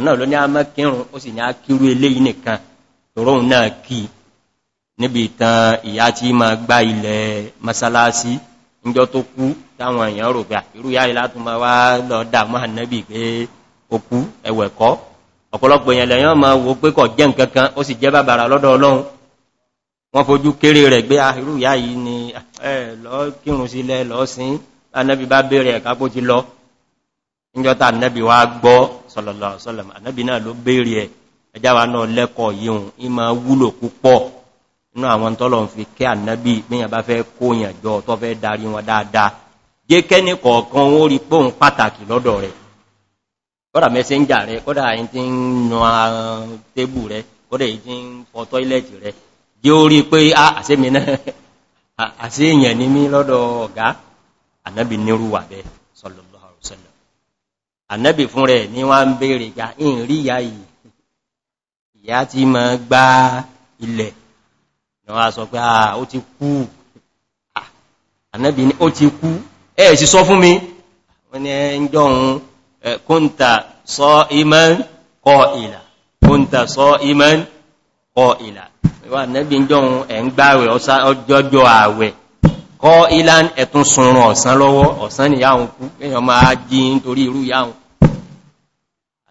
náà ló ní a mọ́ kírùn ó sì ní a kírú eléyìí nìkan tòróhùn náà kí níbi ìtàn ìyá tí ma gbá ilẹ̀ masalasi níjọ́ tó kú táwọn èèyàn rò pé àkírú yá ilá tún ma wá lọ dámọ́ ànẹ́bì pé ó kú ẹwẹ̀kọ́ ọ̀pọ̀lọpọ̀ èèyàn lẹ́yàn ma wo pé kọ̀ jẹ́ nkankan ó sì jẹ́ bàbàrà lọ́dọ̀ ọlọ́run wọ́n fojú kéré rẹ̀ gbé àkírú yá yìí ni ẹ̀ lọ kírun sílẹ̀ lọ níjọta annabi wa gbọ́ sallallahu alaihi wasallam annabi náà ló béèrè ẹ̀ ẹjáwà náà lẹ́kọ̀ọ́ yíhun ìmọ̀ wúlò púpọ̀ inú àwọn tọ́lọ̀ ń fi kẹ́ annabi míyàn bá fẹ́ kóyàn jọ tó fẹ́ darí wọn dáadáa jẹ́ kẹ́ni kọ̀ọ̀kan ó rí pé òun pàtàkì lọ́dọ̀ rẹ̀ kọ́dà mẹ́sẹ́njà rẹ̀ kọ́dà èyí tí ń nu tébù rẹ̀ kọ́dà èyí tí ah, (laughs) bẹ́ẹ̀ ànẹ́bì fún rẹ̀ ní wọ́n ń bèèrè ìjà in rí ìyá yìí ìyá tí ma gbá ilẹ̀ ní wọ́n sọ pé àà ó ti kú ànẹ́bì ní ó ti kú ẹ̀ sì sọ fún mi wọ́n ni ẹ ń jọun kúnta sọ iman kọ ìlà kúnta sọ iman kọ ìlà ànẹ́bì ń jọun ẹ̀ ń gbá ọjọ́jọ́ ààwẹ̀ kọ́ ìlànà ẹ̀tún sunrun ọ̀sán lọ́wọ́ ọ̀sán ni yáhùn kú èyàn máa jí nítorí irú yáhùn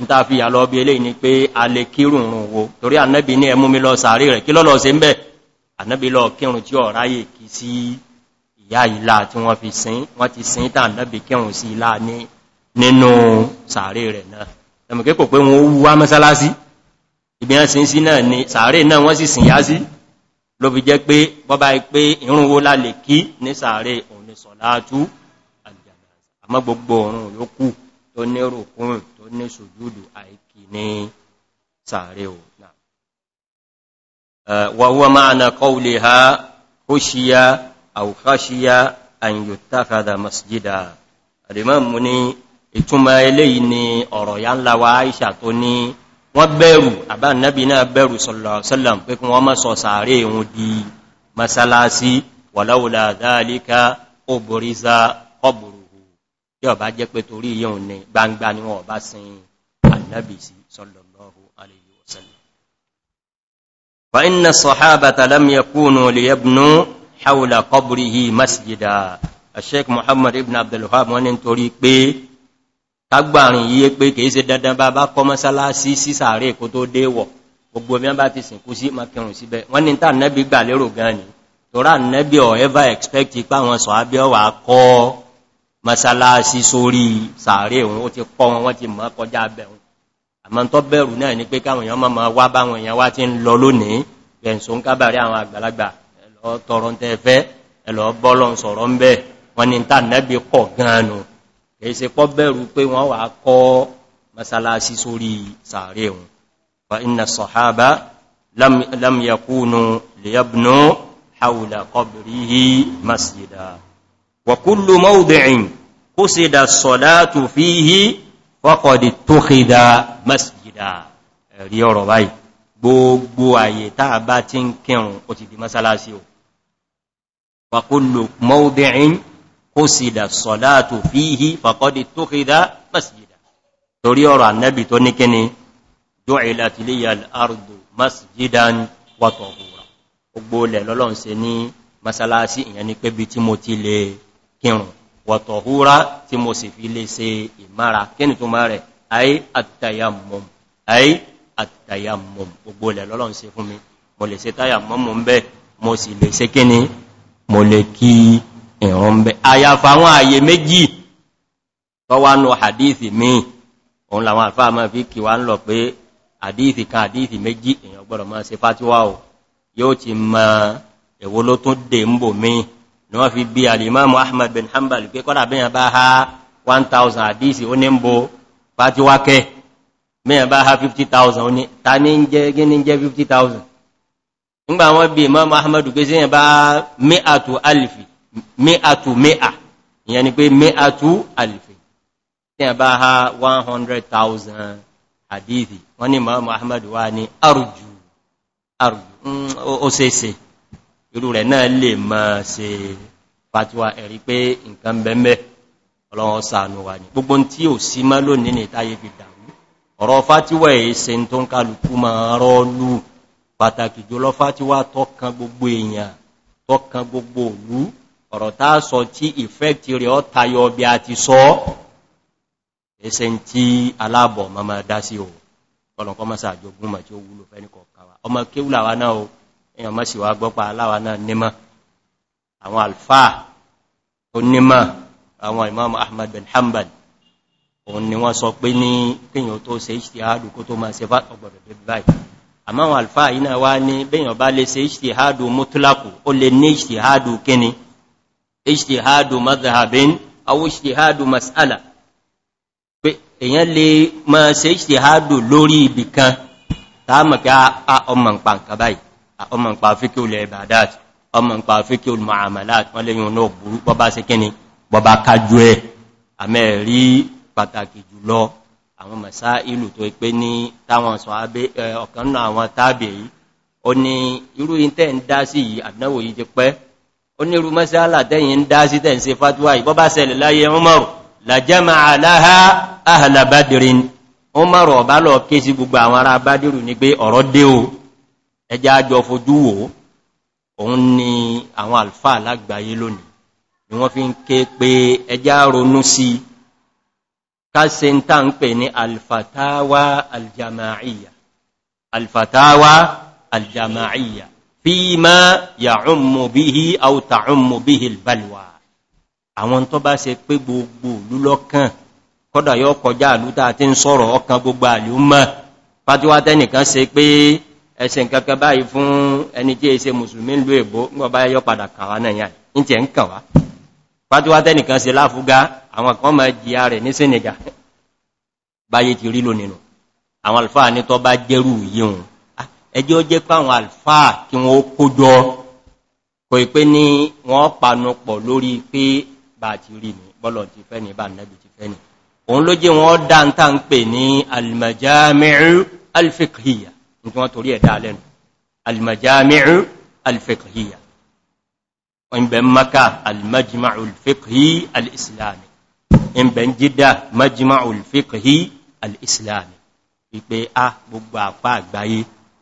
ìta fi yà lọ bí eléyìí ni pé a lè kírùn ún wo torí ànábì ní ẹmú mi lọ sàárì rẹ̀ kí lọ́lọ́ sí ń bẹ̀ ànábì lọ kírùn tí ọ̀rá yè kí sí ìyá ìlà tí wọ́n fi sín wọ́n ti sín tà ànábì kírùn sí ìlà nínú sàárì rẹ̀ náà ẹmùké kò pé wọ́n wú wá kí ní ní rò kúrùn ó ní sùjúdù àìkì ní sàárè ò náà wàwọ́ máa na kọ́wùlé ha kóṣíyá àwòkáṣíyá àyíyòtàkàdà masjida alìmọ́mù ní ìtumọ̀ eléyìí ni ọ̀rọ̀ ya ńlá wa aisha tó ní wọ́n bẹ̀rù àbá nábi náà bẹ̀rù sọ̀lọ̀sọ́lọ̀m pé wọ́n di masalasi wàláwùlá dáalíká obìnrin za ọbùr tí ọba jẹ́ pé torí yóò ní gbangba ni wọ́n ọba sin annabi sí sallallahu alayhi wa sallam fa inna sahabata lam yakunu liyabnu hawla qabrihi masjida sheikh muhammad ibn abdul wahhab wọ́n ní torí pé tágbàrin yíye pé kìí ṣe dandan bá bá kọ́ mọ́sálásí sí sàárè masalasi sórí sàárè òun ó ti pọ́ wọn wọ́n ti mọ́ kọjá bẹ̀rún àmọ́ tó bẹ̀rù náà ní pé káwọn èèyàn máa wá báwọn èèyàn wá ti ń lọ lónìí ẹ̀ǹsó ń kábàrí àwọn àgbàlagbà ẹ̀lọ́ tọrọ tẹ́ẹ̀fẹ́ ẹ̀lọ́ bọ́lọ̀ sọ̀rọ̀ ń bẹ̀ wọ́n ni tà nẹ́bí kọ̀ gan-an se pọ́ bẹ̀rù pé wọ́n wà kọ́ masalasi sórí sàárè òun fa inna sọ̀hábá lam yakunu liyabnu haula qabrihi masjida وكل موضع قصد الصلاة فيه فقد fi hí fọ́kọ̀dì tó kìdá masjidà rí ọ̀rọ̀ báyìí gbogbo àyè táà bá ti ń kírùn ó ti di masalasi o wàkúlù mọ́ùdìrín kó se dà sọ̀dátù fi hí fọ́kọ̀dì tó kìdá masjidà torí ọ̀rọ̀ annabi tó ní kíni jọ́ ìlàtìlẹ́yà al'ardu masjidan wàtọ̀hùra gbogbo lẹ̀ lọ́lọ́ ìrùn wọ̀tọ̀húra tí mo sì fi lè ṣe ìmára kíni tó máa rẹ̀ ayé àtàyàmọ̀m ayé àtàyàmọ̀m gbogbo ilẹ̀ lọ́lọ́n ṣe fún mi mo lè ṣe táyàmọ̀mù ń bẹ́ mo sì lè ṣe kíni mo lè kí ìrùn ń bẹ́ àyàfà àwọn àyè méjì tọ́wánú hadithi míì òun làwọn àlfáà wá ń lọ pé hadithi kan hadithi méjì èèyàn gbọ́dọ̀ máa ṣe fátíwá ò yóò ni wọ́n fi bí alìmáàmù ahmad bin hanbal pé kọ́dà bí yàn bá ha 1000 àdísì ó ní ń bo fatiwákẹ́ mẹ́yàn bá ha 50,000 ó ní ta ní ń jẹ́ gíní jẹ́ 50,000 nígbà wọ́n bí imáàmù ahmad pé sí yàn bá mẹ́àtù alifi mẹ́àtù mẹ́à ìyẹn ni pé mẹ́àtù alifi tí yàn bá ha 100,000 àdísì wọ́n ní irú rẹ̀ náà lè máa ṣe fàtíwà ẹ̀rí pé nǹkan bẹ̀mẹ́ ọlọ́run sàánú wà ní gbogbo tí ò sí má lónìí ní táyé fi dàrú ọ̀rọ̀ fàtíwà èyí se tó ń kálukú ma rọ́ọ̀lú pàtàkì jùlọ fàtíwà tọ́kan gbogbo èèyàn tọ́kan gbogbo òlú ọ̀rọ̀ tá sọ tí ìfẹ́kì rẹ̀ ọ tayọ bí a ti sọ ẹsẹ̀ tí aláàbọ̀ ma dá sí ò ọlọ́nkọ́ èyàn mọ́ sí wá gbọ́pa aláwa náà nímọ̀ àwọn alfa onímọ̀ àwọn imam ahmad bin hanbal òun ni wọ́n sọ pé ní kíyàn tó ṣe ìṣtìhádù kó tó máa ṣe fà ọgbọ̀dọ̀ báyìí àmá àwọn alfa iná wá ní bẹ́yàn bá lè ṣe ìṣtìhádù mútúlákù ó lè ní ìṣtìhádù kíni ìṣtìhádù mazhabin awó ìṣtìhádù mas'ala pé èyàn lè máa ṣe ìṣtìhádù lórí ibìkan táàmù kí a ọmọ nǹkan báyìí ọmọ ń pa fíkí olè ìbàdát ọmọ ń pa fíkí olè ma'amalat wọ́n lẹ́yìn náà burú bọ́bá sí kíni bọ́bá kájú ẹ̀ àmẹ́rí pàtàkì jùlọ àwọn masá ìlú tó pé ní táwọn sọ ọ̀kan náà àwọn tábì yìí ó ní irú intẹ́ ń dá sí yìí àdánwò yìí ti pẹ́ ó ní irú masala tẹ́yìn ń dá la jama'a laha ahla Badrin Umar ọ̀bá lọ ké sí gbogbo ẹjá àjọ fojú wò òun ni àwọn alfa lágbàáyé lónìí ni wọ́n fi ń ké pé ẹjá ronú sí káṣe ń tàà ń pè ní alfatawa aljama'iyya alfatawa aljama'iyya fi ma ya'ummu bihi aw ta'ummu bihi albalwa àwọn tó bá ṣe pé gbogbo ìlú lọ́kàn yóò kọjá ìlú tá ń sọ̀rọ̀ ọkàn gbogbo àlú mọ́ fàtíwátẹ́nìkan pé ẹsẹ̀ nǹkankan báyìí fún ẹni tí èsẹ mùsùlùmí ń lú èbó ngbọ̀bá yọ padà kàwà náà yà ní tí ẹ ń kàwà fàtíwá tẹ́nìkan se láfúgá àwọn kan máa jìyà rẹ̀ ní senegal báyé ti rí lónìí àwọn alfáà ní tọ́ bá jẹ́rù yíun ẹjẹ́ ó jẹ́ pàwọn alfáà kí wọ́n kójọ kò ìpé ní wọ́n panupọ̀ lórí alfikhiya tí wọ́n torí ẹ̀dá lẹ́nu almajami'u alfiqhiyya wọ́n bẹ̀ maka almajma'u alfiqhi alislami in bẹ̀ jídá majma'u alfiqhi alislami wípé a gbogbo àpá àgbáyé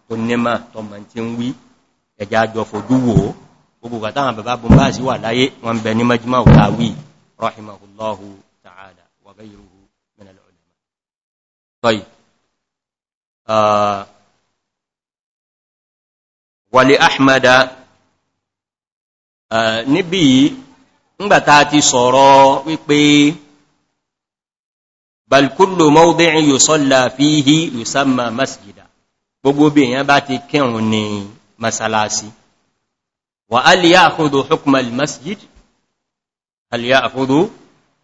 tó nímà tọmọ tí ń wí ẹjá jọ fojú wò gbogbo kàtàwọn bàbá bọmbáàsí wàlè ahmada níbi ngbàta ti sọ̀rọ̀ wípé balkullu mawdi'in yusalla fihi yusamma masjida gbogbo bí èyàn bá ti kírùn ní masalasi wa aliya akhudhu hukma almasjid aliya akhudhu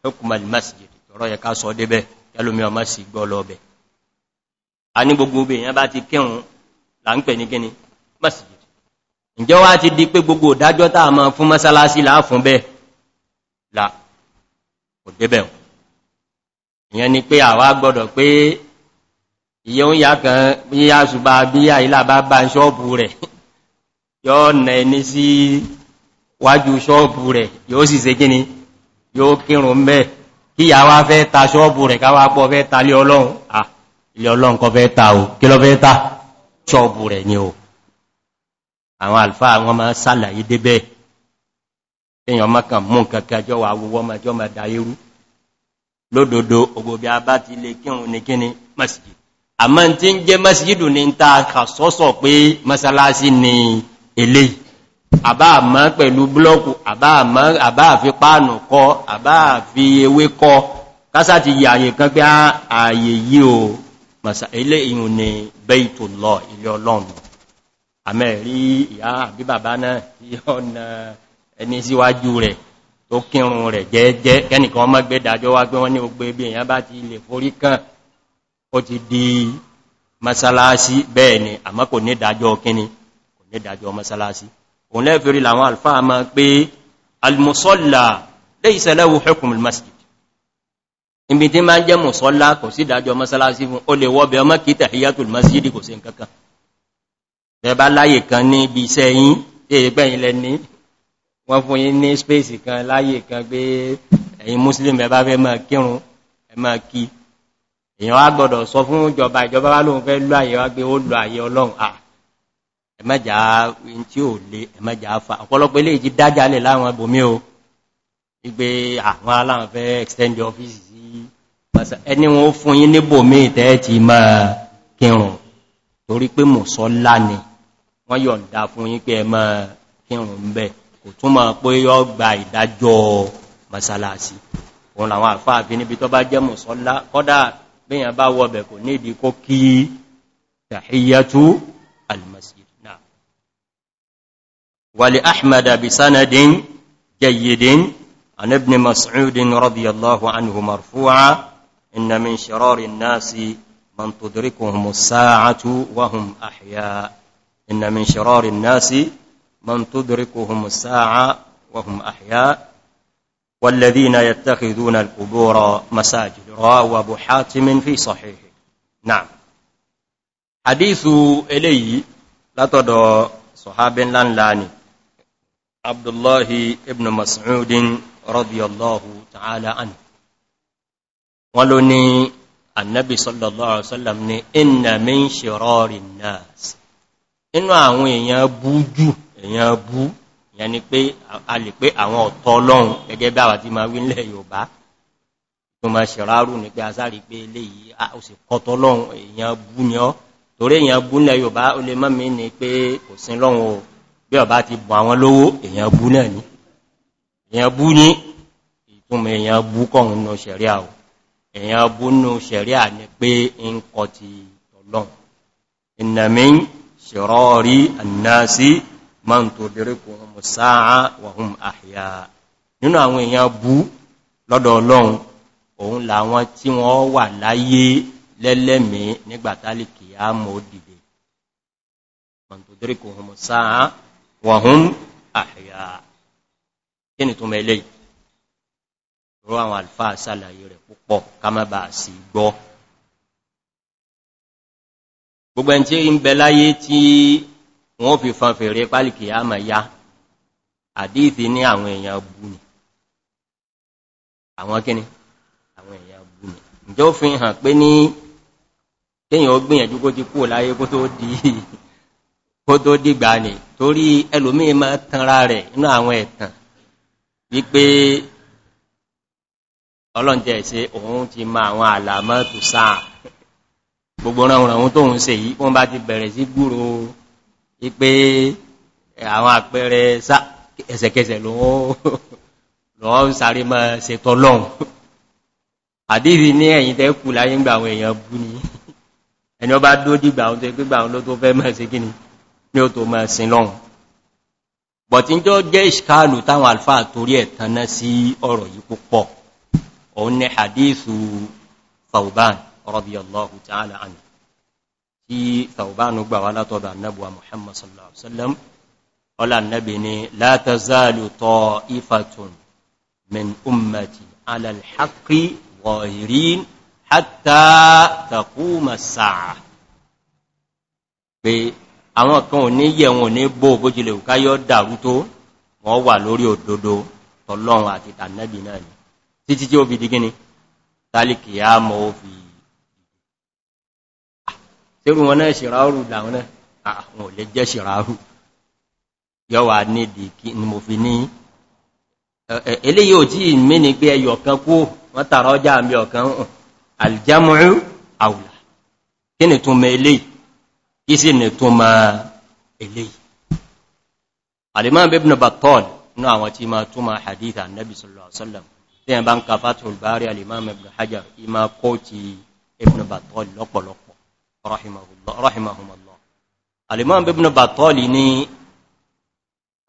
hukma almasjid tọrọ yẹ ká sọ débẹ̀ yálómi ọmọ sí gbọ́ lọ́bẹ̀ a ní gbogbo bí èyàn bá ti kírùn là ní gíní masjid ǹjẹ́ wá ti di pé gbogbo ìdájọ́ tàà máa fún mọ́sálásí láà bẹ́ẹ̀ là kò débẹ̀ ìyẹn ni pé àwa gbọ́dọ̀ pé iye ń yá kan bí a ṣùgbà bí a ilá bá bá ṣọ́ọ̀bù rẹ̀ yóò nà ẹni sí wájú ṣọ́ọ̀bù rẹ̀ yóò sì ṣe gíní yóò kírùn mẹ́ kí ya wá fẹ́ ta ṣọ́ọ̀bù rẹ̀ káwà pọ̀ fẹ́ ta lé ọlọ́run ah ilé ọlọ́run kọ fẹ́ ta o kí lọ fẹ́ ta ṣọ́ọ̀bù rẹ̀ ni o àwọn alfa àwọn ma sálàyé débẹ̀ èyàn mọ́kàn mú kankan jọ wà wúwọ́ ma jọ ma dáyérú lódòdó ogobi abá lè kírùn ní kíni masjid àmọ́ tí ń jẹ́ masjidu ní ta kàsọ́sọ̀ pé masalasi ni ilé àbá àmọ́ pẹ̀lú blọ́ọ̀kù àbá àfi páànù kọ àbá àfi ewé kọ kásá ti yí àyè kan pé ààyè ah, yí o ilé ìhùn ni Baitullah ilé ọlọ́run àmẹ́rí ìyá àbí bàbá náà tí ó na ẹni síwájú rẹ̀ tó kírun rẹ̀ jẹ́ẹ́jẹ́ kẹ́nìkan ọmọ gbé dájọ́ wá gbé wọ́n ní ogbe bí èyàn bá ti lè forí kàn ó ti di masalasi bẹ́ẹ̀ ni àmọ́ kò ní dájọ́ kíní kò ní dájọ́ masalasi òun lẹ́fẹ̀rí làwọn alfáà ma pé almusọ́lá laysa lahu hukm almasjid ibi masalasi fún ó lè wọ́bẹ̀ ọmọ bẹ̀bá láyè kan ní ibi iṣẹ́ yín èèbẹ̀ eh, ilẹ̀ ní wọ́n fún yín ní spéèsì kan láyè kan pé ẹ̀yin muslim bẹ̀bá fẹ́ máa kírun ẹ máa kí èyàn wá gbọ́dọ̀ sọ fún ìjọba ìjọba wá lóun fẹ́ lọ àyè wá pé ó lọ àyè ọlọ́run à ẹmẹ́jà tí ò lé ẹmẹ́jà the office sí ẹni wọn ni wọ́n yọ̀ǹda fún yín pé ẹ má kírun bẹ̀ kò túnmọ̀ pé yọ́ gba ìdájọ́ masalasi òun làwọn àfáà níbi tó bá jẹ́ mùsọ́lá kọ́dà bíyàn bá wọ́bẹ̀ kò nídi kó kí tàhíyàtú almasjid náà wàlì ahmad abisanadin jayyidin an إن من شرار الناس من تدركهم الساعة وهم أحياء والذين يتخذون القبور مساجد رواه أبو حاتم في صحيحه نعم حديث إلي لا تدع صحاب لانلاني عبد الله ابن مسعود رضي الله تعالى عنه ولني النبي صلى الله عليه وسلم إن من شرار الناس inú àwọn èèyàn bú jù èèyàn bú ìyẹn ni pé a lè pé àwọn ọ̀tọ̀ ọlọ́run gẹ́gẹ́ bí àwa tí ma wí nílẹ̀ Yorùbá tó ma ṣẹ̀rárù ní pé asáàrí pé eléyìí ó sì kọtọ ọlọ́run èèyàn bú ni ọ́ torí èèyàn bú nílẹ̀ Yorùbá ó lè mọ́mí ni pé kò sí lọ́run o bí ọba ti bù àwọn lówó èèyàn bú náà ni èèyàn bú ní ìtumọ̀ èèyàn bú kọ̀run nù ṣẹ̀ríà o èèyàn bú nù ṣẹ̀ríà ni pé ń kọ ti ọlọ́run ìnàmí ṣirọ́rí annasi man tó dẹ̀rẹ́kù ọmọ sáà wàhùn àhìyà nínú àwọn èèyàn bú lọ́dọ̀ ọlọ́run òun làwọn tí wọ́n wà láyé lẹ́lẹ́mí nígbàtálìkì á mọ́ dìde man tó dẹ̀rẹ́kù ọmọ sáà wàhùn àhìyà àwọn àlfáà sálàyé rẹ̀ púpọ̀ ká má bàá sí gbọ́ gbogbo ẹn tí ń bẹ láyé tí wọ́n fi fan fèrè pálìkì ya ma ya àdíìtì ní àwọn èèyàn bú ni àwọn kíni àwọn èèyàn bú fi hàn pé ní kéèyàn ó gbìyànjú kó tó dìgbà torí ẹlòmíì máa tanra rẹ̀ inú àwọn ẹ̀tàn wípé ti ma àwọn àlàmọ́ tó sáà gbogbo ránwọ̀n àwọn tó ń ṣe yìí wọ́n bá ti bẹ̀rẹ̀ sí gbúrò ipé àwọn àpẹẹrẹ ẹsẹ̀kẹsẹ̀ lọ́wọ́ sáré mọ́ ṣètọ́ lọ́hun àdíri ní ẹ̀yìn tẹ́ kù láyé ń gbà àwọn èèyàn bú ni ẹni ọba dó dìgbà àwọn tó ẹgbẹ́ gbà àwọn ló tó fẹ́ mọ́ sí kíni radiyallahu ta'ala anhu tí tàbánu gbà wá látọ̀dọ̀ annabuwa muhammad sallallahu alaihi wasallam ọlá annabi ni la tazalu ta'ifatun min ummati ala al-haqqi zahirin hatta taquma as-sa'ah pé àwọn kan ò ní yẹ wọn ò ní bó bójúlẹ̀ òkáyọ́ dàrú tó wọ́n wà lórí òdodo tọ́lọ́run àti tànẹ́bì náà ni títí tí ó fi di gíní fi tẹ́rù wọn náà ṣìráàrù làwọn náà àwọn ò lè jẹ́ ṣìráàrù yọ́wà ní dìkí ni mo fi ní eléyìí ò tí mí ní pé ẹyọ kan kú wọ́n tààrà ọjà àmì ọ̀kan aljamu'u àwùlà kí ni tún mẹ eléyìí kí sí ni tún mẹ eléyìí ibn battal lọ́pọ̀lọpọ̀ rahimahumullah al-imam ibn batali ni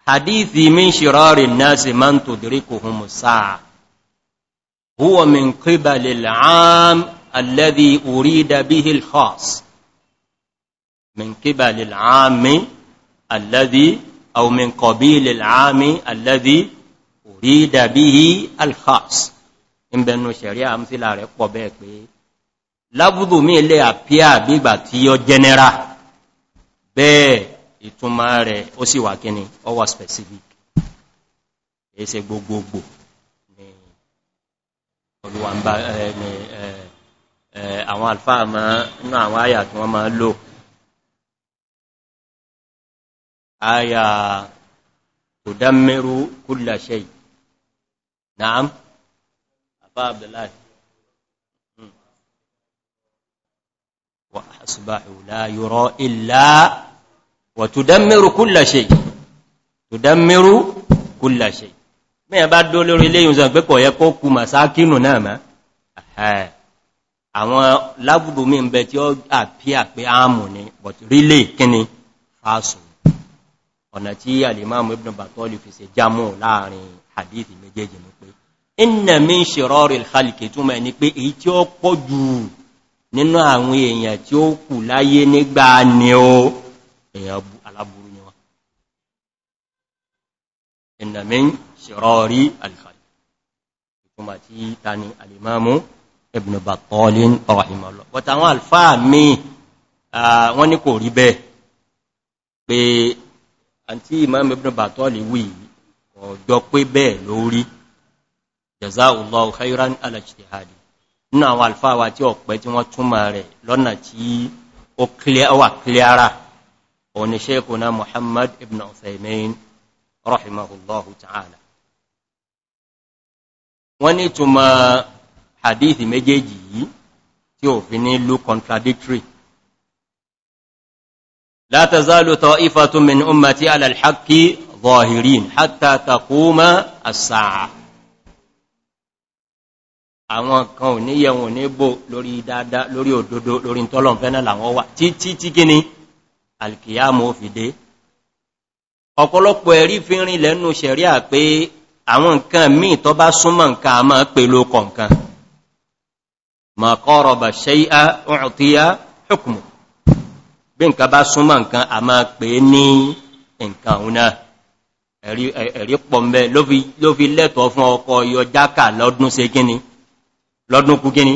hadithi min shirari nasi man tudrikuhum sa'a huwa min qibali al-'am alladhi urida bihi al-khas min qibali al-'am alladhi aw min qabili al-'am alladhi urida bihi al-khas in benu sharia amthila rẹ̀ pọ̀ bẹ́ẹ̀ pé lábúdù mí ilé àpíà bígbà tí yọ jẹ́nẹ́rà bẹ́ẹ̀ ìtumà rẹ̀ ó sì wà kíni ó specific èsẹ gbogbogbò ni olùwàmbá ẹni àwọn alfáà ma ní àwọn àyà tí wọ́n ma lò àyà kò dámẹ́rú kúlàṣẹ́ yìí naam àbá abdullahi وأصبحوا لا يرى إلا وتدمر كل شيء تدمر كل شيء ما يبعد دولور إليه يزنبك ويقوك مساكين ناما àwọn lábùdó mi ń bẹ tí ó àpíà pé áàmù ni but really kíni fásù ọ̀nà tí alìmáàmù ibn batoli fi se jámù láàrin hadithi méjèèjì ní pé inna min shirori al-khalqi túnmẹ̀ ní pé èyí tí ó pọ̀ jù nínú àwọn èèyàn tí ó kù láyé nígbà ni ó èèyàn aláburú ni wọ́n ìnàmí ṣìrọ́rí alìkàlì ìkúnmà tí ta ni alìmámú ibn batolin rahimahullah but àwọn alfáà mi wọ́n ní kò rí bẹ́ẹ̀ pé àti imam ibn batoli wí ọjọ́ pé bẹ́ẹ̀ lórí nínú àwọn alfáwà tí ọ̀pẹ́ tí wọ́n túnmà rẹ̀ lọ́nà tí ó wà kílára òní ṣeékùnà Muhammad ibn Uthaymin rahimahullahu ta'ala wọ́n ní túnmà hadithi méjèèjì yìí tí ò fi ní lú contradictory la tazalu ta'ifatun min ummati ala zahirin hatta taquma as àwọn kan ò ní yẹ̀wọ̀n ní bò lórí dáadáa lórí òdodo lórí tọ́lọ̀ fẹ́ náà làwọn wà títí tí kí ni alkiyama ó fi dé ọ̀pọ̀lọpọ̀ ẹ̀rí fi rin lẹ́nu ṣẹ̀ríà pé àwọn nǹkan míì tó bá súnmọ́ nǹkan a máa pè ló kọ̀ǹkan ma qaraba shay'a u'tiya hukmu bí nǹkan bá súnmọ́ nǹkan a lọ́dún kú gíní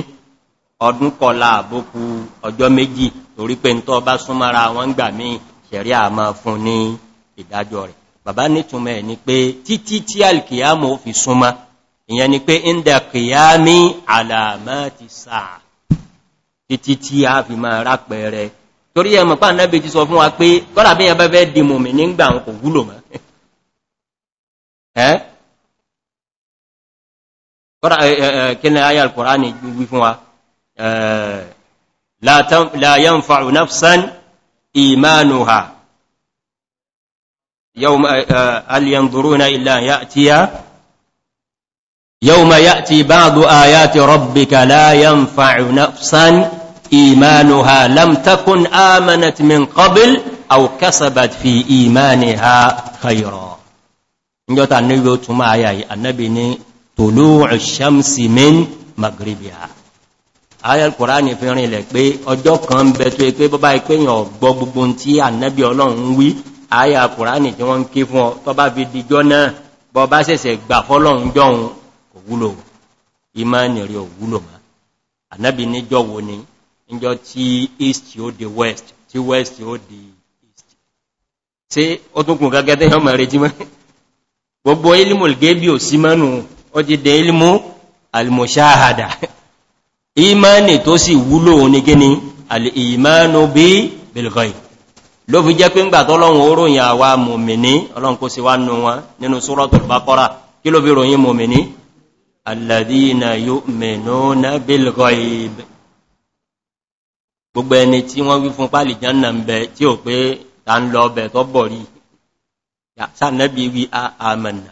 ọdún kọlá àbókú ọjọ́ méjì torí pé tó bá súnmọ́ra wọn gbà mí ṣẹ̀rí àmà fún ní ìdájọ́ rẹ̀ bàbá nítúnmẹ̀ ni pé títí tí alkiyama ó fi súnmọ́ ìyẹn ni pé inda kiyami alamati sáà títí tí a fi máa rápẹẹrẹ torí ẹmọ̀ (laughs) كنا آية القرآن يقول لا ينفع نفسا إيمانها يوم هل ينظرون إلا يأتي يوم يأتي بعض آيات ربك لا ينفع نفسا إيمانها لم تكن آمنت من قبل أو كسبت في إيمانها خيرا. النبي tulu' ash-shamsi min maghribiha ayal qur'ani fi rin le pé ọjọ́ kan bẹ́ tó pé bó bá pé yan gbọ́ gbogbo nti ànábì Ọlọ́hun wí aya qur'ani tí wọ́n ké fún ọ tó bá fi di jona bó bá ṣẹ̀ṣẹ̀ gbà fọ́lọ́hun jọ̀hún kò wúlò imani rí ò wúlò ma ànábì ní jọ́ gbogbo ilmul gaibi ò sí ó ti dẹ̀ ilmú almushahada imani tó sì wúlò ní gíní al'imanu bí bilghai ló fi jẹ́ pé ń gbàtọ́ ọlọ́run ó ròyìn àwa mùmìní ọlọ́run kó sì wá nù wọn nínú suratul baqara kí ló fi ròyìn mùmìní alladhina yu'minuna bil ghaib wí fún àmànà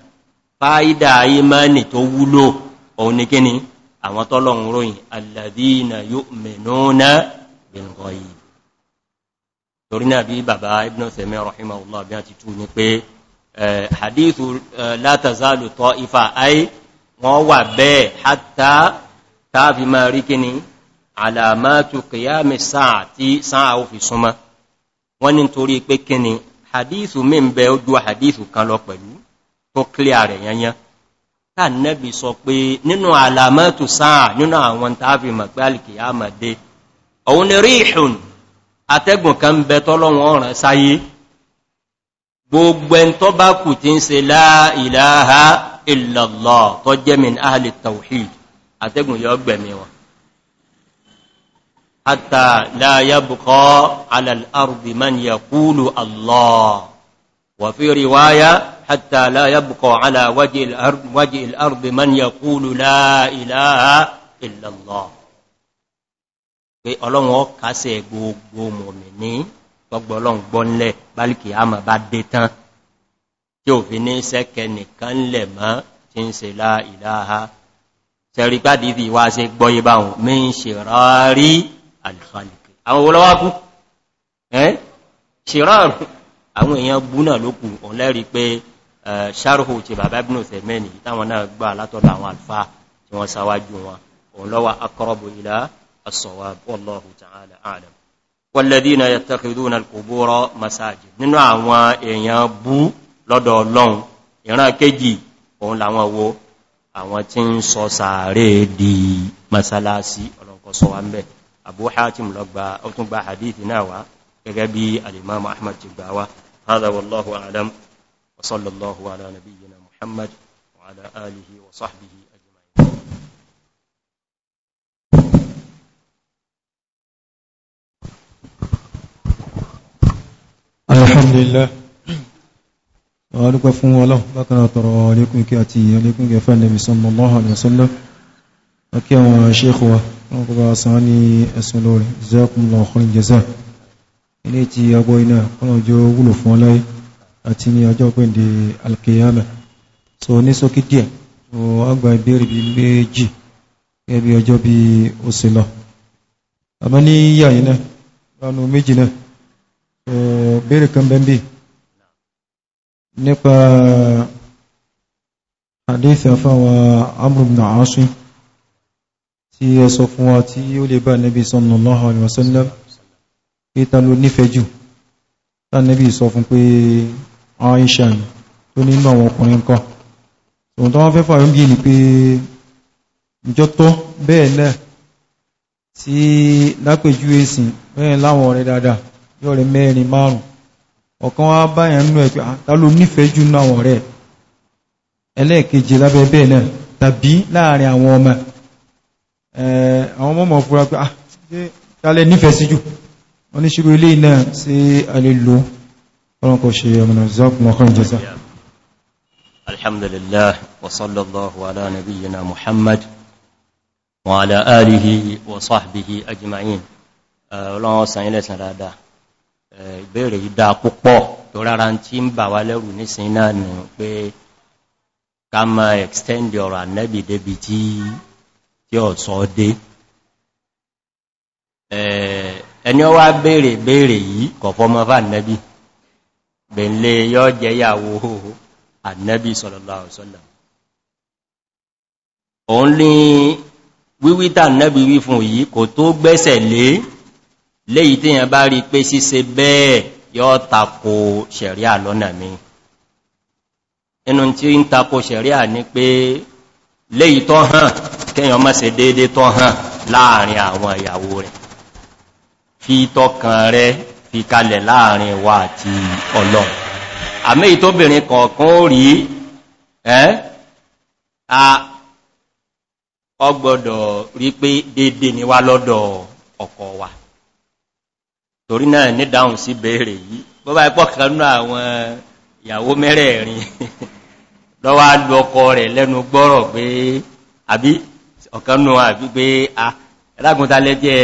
fáídà ìmáni tó wúlò òun ní kíni àwọn tọ́lọ̀un ròyìn alladhina yu'minuna bil-ghayb torí náà bí bàbá ibn Uthaymeen rahimahullah bí a ti tú ní pé hadithu la tazalu ta'ifa ay wọ́n wà bẹ́ẹ̀ hatta táàfi máa rí kíni alamatu qiyami sáà tí sáà ó fi súnmọ́ wọ́n ní torí pé kíni hadithu min bẹ́ẹ̀ ó hadithu kan lọ pẹ̀lú tó clear rẹ̀ yanyan tá nẹ́bì sọ pé nínú alamẹ́tù sáà nínú àwọn tàbí mọ̀pẹ́lìkì ya mọ̀ dé òun ni ríhùn atẹ́gùn kan bẹ tọ́lọ́wọ́n ọ̀ràn sáyé gbogbo ẹn tó bá kù tí ń se láìláha ìlàlọ́ tó jẹ́ min ahli tawhid wa fi riwaya حتى لا يبقى على وجه الأرض, من يقول لا إله إلا الله pé ọlọ́run ọkàṣẹ́ gbogbo mọ̀mí ní gbogbo ọlọ́run gbọ́nlẹ̀ bálìkì a mọ̀ bá dé tán tí ò fi ní sẹ́kẹ́ nìkan lẹ̀ mọ́ tí ń se láà ìdáha tẹ́rí gbádì ìdí wá sí gbọ́yé báhùn mí ń ṣe rárí alìfàlìkì àwọn olówákú ẹ́ ṣe rárí àwọn èèyàn bú náà lókù ọ̀lẹ́rí pé ṣárùhù ti bàbá ibn Uthaymin táwọn náà gbà látọ̀lọ̀ àwọn alfa tí wọ́n sáwájú wọn òun lọ́wà aqrabu ila as-sawab wallahu ta'ala a'lam walladhina yattakhidhuna al-qubura masajid nínú àwọn èèyàn bú lọ́dọ̀ Ọlọ́run ìran kéjì òun làwọn wo àwọn tí ń sọ sàárè wallahu a'lam وصلى الله على نبينا محمد وعلى آله وصحبه أجمعين الحمد لله وعليكم فهو له بكنا ترى عليكم كاتي عليكم كفى النبي صلى الله عليه وسلم الله وشيخ وقبع صاني أسلوري جزاكم الله خير الجزاء إليتي أبوينا قلوا جو قلوا àti ní ọjọ́ gbẹ̀ndẹ̀ alkiyama so ní sókí díẹ̀ so agbà ìbéèrè bí méjì gẹ́bí ọjọ́ bí ó sì lọ àmọ́ ní yàyí náà ránú méjì náà so béèrè kan bẹ́m̀bì nípa hadith àfáwà amrùbnà asùn tí ẹ sọ fún wa tí ó lè bá nẹ́bí sallallahu alaihi wasallam pé ta ló nífẹ̀ẹ́ jù tá nẹ́bí sọ fún pé àwọn iṣẹ́ yìí tó nínú àwọn ọkùnrin kan tòun tó wọ́n fẹ́ fàyọ́ bí ní pé ìjọ tó bẹ́ẹ̀ náà tí lápèjú èsìn bẹ́ẹ̀ láwọn ọ̀rẹ́ dáadáa yóò rẹ mẹ́rin márùn ọ̀kan wá báyàn nú ẹ̀pẹ́ àtàlò ah, nífẹ̀ẹ́ jù náà ọ̀rẹ́ ẹlẹ́ẹ̀kejì lábẹ́ bẹ́ẹ̀ náà tàbí láàrin àwọn ọmọ àwọn ọmọ fúra pé ah ṣe kálẹ̀ nífẹ̀ẹ́ sí jù wọ́n ní ṣírò ilé náà sí alèlò ọlọ́nkò ṣe ọmọdé zákùnlọ́kọ́ ìjẹsà alhamdulillah wasallallahu ala nabiyyina muhammad wa ala alihi wa sahbihi ajma'in ọlọ́wọ́ sanyílẹ̀ san rada ìbéèrè ìdá púpọ̀ tó rárá tí ń bà wá lẹ́rù nísìn náà nù pé ká ma extend ọ̀rọ̀ ànẹ́bì débi tí ó sọ dé ẹni ọwá béèrè béèrè yìí kọ̀fọ́ mọ́fà ànẹ́bì bẹ̀lẹ̀ yọ́ jẹyàwó annabi sallallahu alaihi wasallam òun ní wíwítà annabi wí fún yìí kò tó gbẹ́sẹ̀ lé léyìí tí yẹn bá rí pé ṣíṣe bẹ́ẹ̀ yọ́ tako ṣẹ̀ríà lọ́nà mi inú tí ń tako ṣẹ̀ríà ní pé léyìí tó hàn kéèyàn má ṣe déédé tó hàn láàrin àwọn ìyàwó rẹ̀ fi tọkàn rẹ̀ fi láàrin wa àti ọlọ́ àmì ìtóbìnrin kọ̀ọ̀kan ó rí ẹ́ a ọgbọ̀dọ̀ rí pé dédé ni wá lọ́dọ̀ ọkọ wa torí náà ní dáhùn sí bèèrè yìí bọ́bá ipọ́ kanú àwọn ìyàwó mẹ́rẹ̀ẹ̀rin (laughs) lọ́wọ́ lọ ọkọ rẹ̀ lẹ́nu gbọ́rọ̀ pé àbí ọ̀kanú àbí pé a ẹlágúntalẹ́jẹ́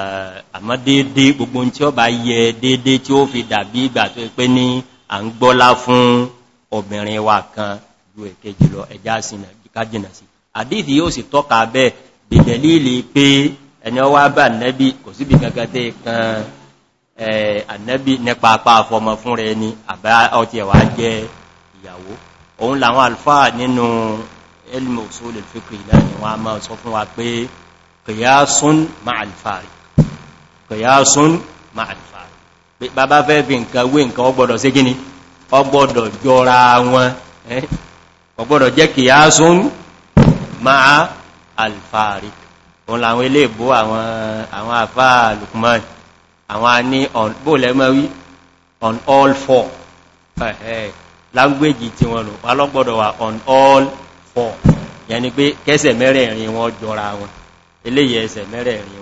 Eh, àmọ́ déédé gbogbo tí ó bá yẹ déédé tí ó fi dàbí ìgbà tó pé ní à ń gbọ́lá fún obìnrin wa kan ju èkejì lọ ẹjá kájìnà sí àdíìdì yóò sì tọ́ka bẹ́ẹ̀ bìdẹ̀lìlì pé ẹni ọwá bá nẹ́bí kò síbi gagagẹ́ kan eh, ànẹ́bí nípa apá àfọmọ fún rẹ ni àbá ọtí ẹ̀wà jẹ́ ìyàwó òun làwọn alfáà nínú elmo solil fikri náà ni wọ́n a máa sọ fún wa pé kìyà sún ma alfáà rí kìyàsún ma'àlìfà bàbá fẹ́ fi nǹkan wé nǹkan ọgbọ̀dọ̀ sí gíní ọgbọ̀dọ̀ jọra wọn ọgbọ̀dọ̀ jẹ́ kìyàsún ma'àlìfà rí òun làwọn ilé ìbò àwọn àfá lukman àwọn a ní bóòlẹ́mọ́wí on all four language tí wọn lò palọ́gbọ̀dọ̀ wà on all four yẹni pé kẹsẹ̀ mẹ́rẹ̀ẹ̀rin wọn jọra wọn eléyẹ ẹsẹ̀ mẹ́rẹ̀ẹ̀rin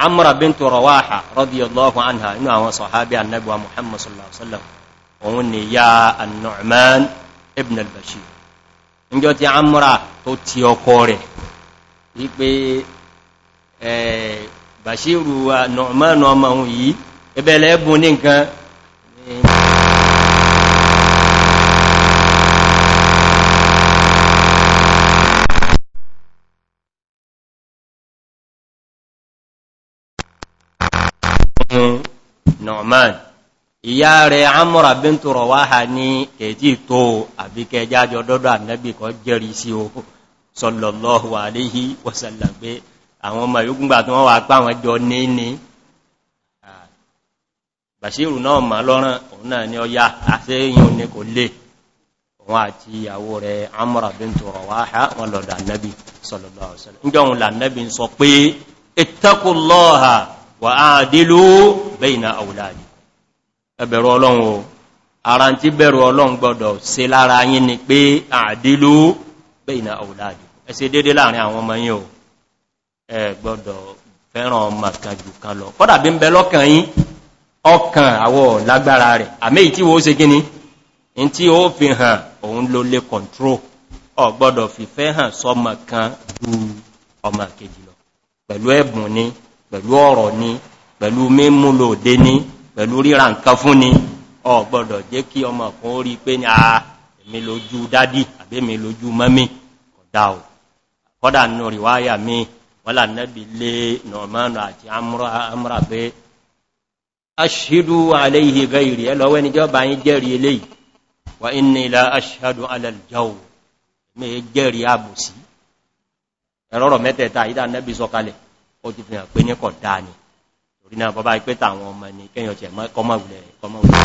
amra bintu rawaha radiyallahu anha inú àwọn sahabi annabi wa muhammad sallallahu alaihi wasallam òun ni ya an-nu'man ibn al-bashir ǹjọ́ tí amra tó ti ọkọ rẹ̀ wí pé eh bashiru wa nu'man ọmọ òun ebele bun ni nǹkan Nu'man ìyá rẹ̀ Amra bintu Rawaha ní kèjì tó àbíkẹ́ jájọ dọ́dọ̀ Ànábì kó jẹ́rìí sí o sallallahu alayhi wa sallam pé àwọn ọmọ yókùngbà tí wọ́n wà pá àwọn jọ ní ní Bàṣírù náà ma lọ́rán òun náà ni ọya àṣẹ yìí ní kò lè òun àti ìyàwó wà áàdìlú bẹ́yìnà àwùláàdì ẹbẹ̀rù ọlọ́run o ara ti bẹ̀rù ọlọ́run gbọdọ̀ sí lára yín ni pé àdìlú bẹ́yìnà àwùláàdì ẹsẹ̀ dédé láàrin àwọn ọmọ yín o ẹ gbọdọ̀ fẹ́ràn ọmọ kan jù kan lọ kọ́dà bí ń bẹ lọ́kàn yín ọkàn àwọ̀ lágbára rẹ̀ àmẹ́yì tí wo ṣe gíní in tí ó fi hàn òun ló lè kọ̀ntró ọ̀gbọ́dọ̀ fìfẹ́ hàn sọmọ kan ju ọmọ kejì lọ pẹ̀lú ẹ̀bùn ni pẹ̀lú ọ̀rọ̀ ni pẹ̀lú mímúlò dé ní pẹ̀lú ríra nǹkan fún ni ọ gbọ́dọ̀ jẹ́ kí ọmọ kan rí pé ní àà èmi lójú dádì àbí èmi lójú mọ́mí kọ̀dá ò kọ́dà nù ríwáyà mi wọ́là nẹ́bí lé nọ̀mọ́nù àti amúra pé aṣídú aléyìí gẹ́ìrì ẹ lọ́wẹ́ ni jọba yín jẹ́rì eléyìí wà ní ilá aṣíadù alẹ́lẹ́jọ́ jẹ́rì ó ti fi hàn pé ní kọ̀ dáa ni torí náà bọ́bá ipé tàwọn ọmọ ni kẹ́yàn jẹ kọmọ̀wùlẹ̀ kọmọ̀wùlẹ̀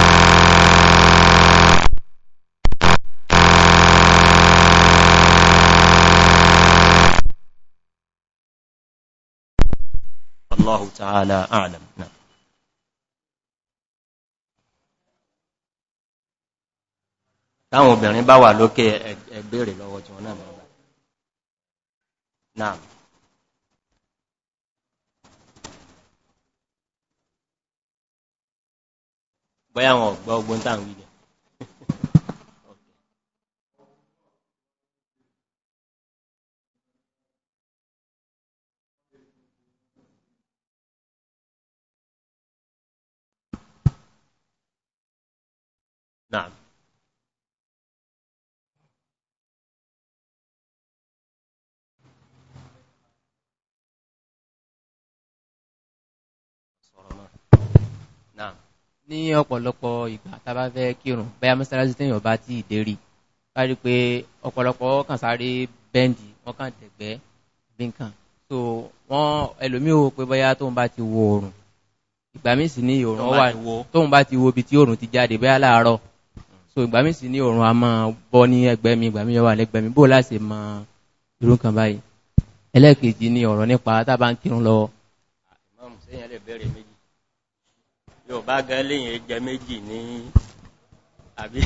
táwọn obìnrin bá wà lókè ẹgbẹ̀rẹ̀ lọ́wọ́ tí wọ́n náà náà bóyá wọn gbọ́ ogun tàn wí ni نعم نعم ní ọ̀pọ̀lọpọ̀ ìgbà tàbá fẹ́ kírùn bẹ́yà mọ́sálásí tẹ́yàn bá ti ìdérí kárí pé ọ̀pọ̀lọpọ̀ kàn sáré bẹ́ndì wọ́n kàn tẹ̀gbẹ́ bínkàn so wọ́n ẹlòmí o pé bọ́yá tóun bá ti wo oòrùn ìgbàmí sí ní oòrùn wà tóun bá ti wo bí tí oòrùn ti jáde bẹ́yà láàárọ̀ so ìgbàmí sí ní oòrùn a máa bọ́ ní ẹgbẹ́ mi ìgbàmí yọ wà lẹ́gbẹ́ mi bó láti mọ irú kan báyìí ẹlẹ́ẹ̀kejì ni ọ̀rọ̀ nípa tábà ń kírun lọ yóò bá gan léyìn jẹ méjì ní àbí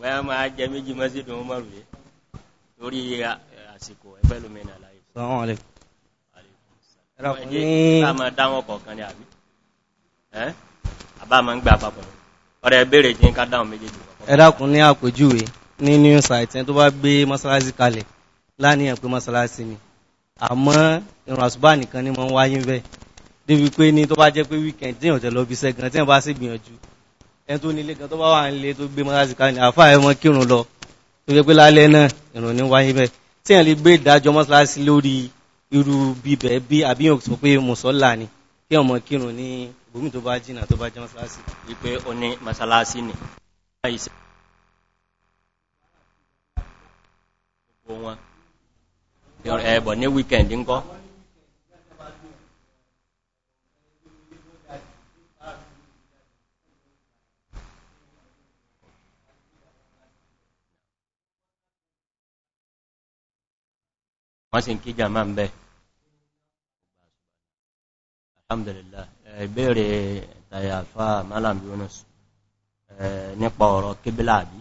bóyá máa jẹ méjì mọ́sídì wọn mọ́rù yé lórí àsìkò ẹgbẹ́ lómi ní àlàyé sọ́wọ́n alẹ́ ẹ̀rọ dáwọn kọ̀ọ̀kan ní àbí ẹ́ àbá máa ń gbà papọ̀ ọ̀rẹ́ béèrè jí ká dáwọn méjèèjì ẹ̀dàkùn ní àpèjúwe ní new site tó bá gbé mọ́sálásí kalẹ̀ láníyàn pé mọ́sálásí ni àmọ́ ìrun àsùbá nìkan ni mọ́ ń wáyé bẹ́ẹ̀ débi pé ní tó bá jẹ́ pé weekend tí ìyànjẹ́ lọ bí iṣẹ́ gan tí ìyàn bá sì gbìyànjú ẹni tó nílé gan tó bá wà nílé tó gbé mọ́sáàsì ká ní àáfàá ẹ̀mọ́ kírun lọ tó jẹ́ pé lálẹ́ náà ìrùn ní wáyé bẹ́ẹ̀ tí ìyàn lè gbé ìdájọ́ mọ́sáàsì lórí irú bíbẹ̀ bí àbíyàn sọ pé mùsọ́là ni kí ọmọ kírun ní ìbomi tó bá jìnnà tó bá jẹ́ mọ́sáàsì. wípé ó ní mọ́sáàsì ni. ẹ bọ̀ ní weekend ńkọ́. wọ́n sì ń kí jàmá ń bẹ́ alhamdulillah ìbéèrè tàyàfà malam yunus nípa ọ̀rọ̀ kíbílà bí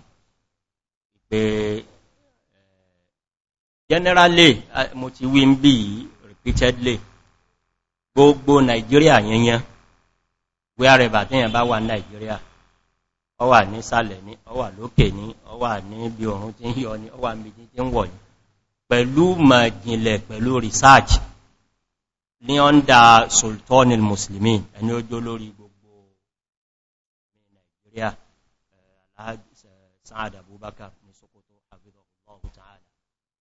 pé generally mo ti wí ń bí repeatedly gbogbo nigeria yẹnyẹn wherever tíyàn bá wà nigeria ó wà ní sàlẹ̀ ní ó wà lókè ní ó wà ní bí oòrùn tí ń yọ ní ó wà tí ń wọ̀ ní pẹ̀lú màjìnlẹ̀ pẹ̀lú research ní ọ́ndà sultanil muslimin ẹni ojú lórí gbogbo Nigeria eh, eh, Sa'ad Abubakar ní Sokoto abidọ̀lọ́wọ́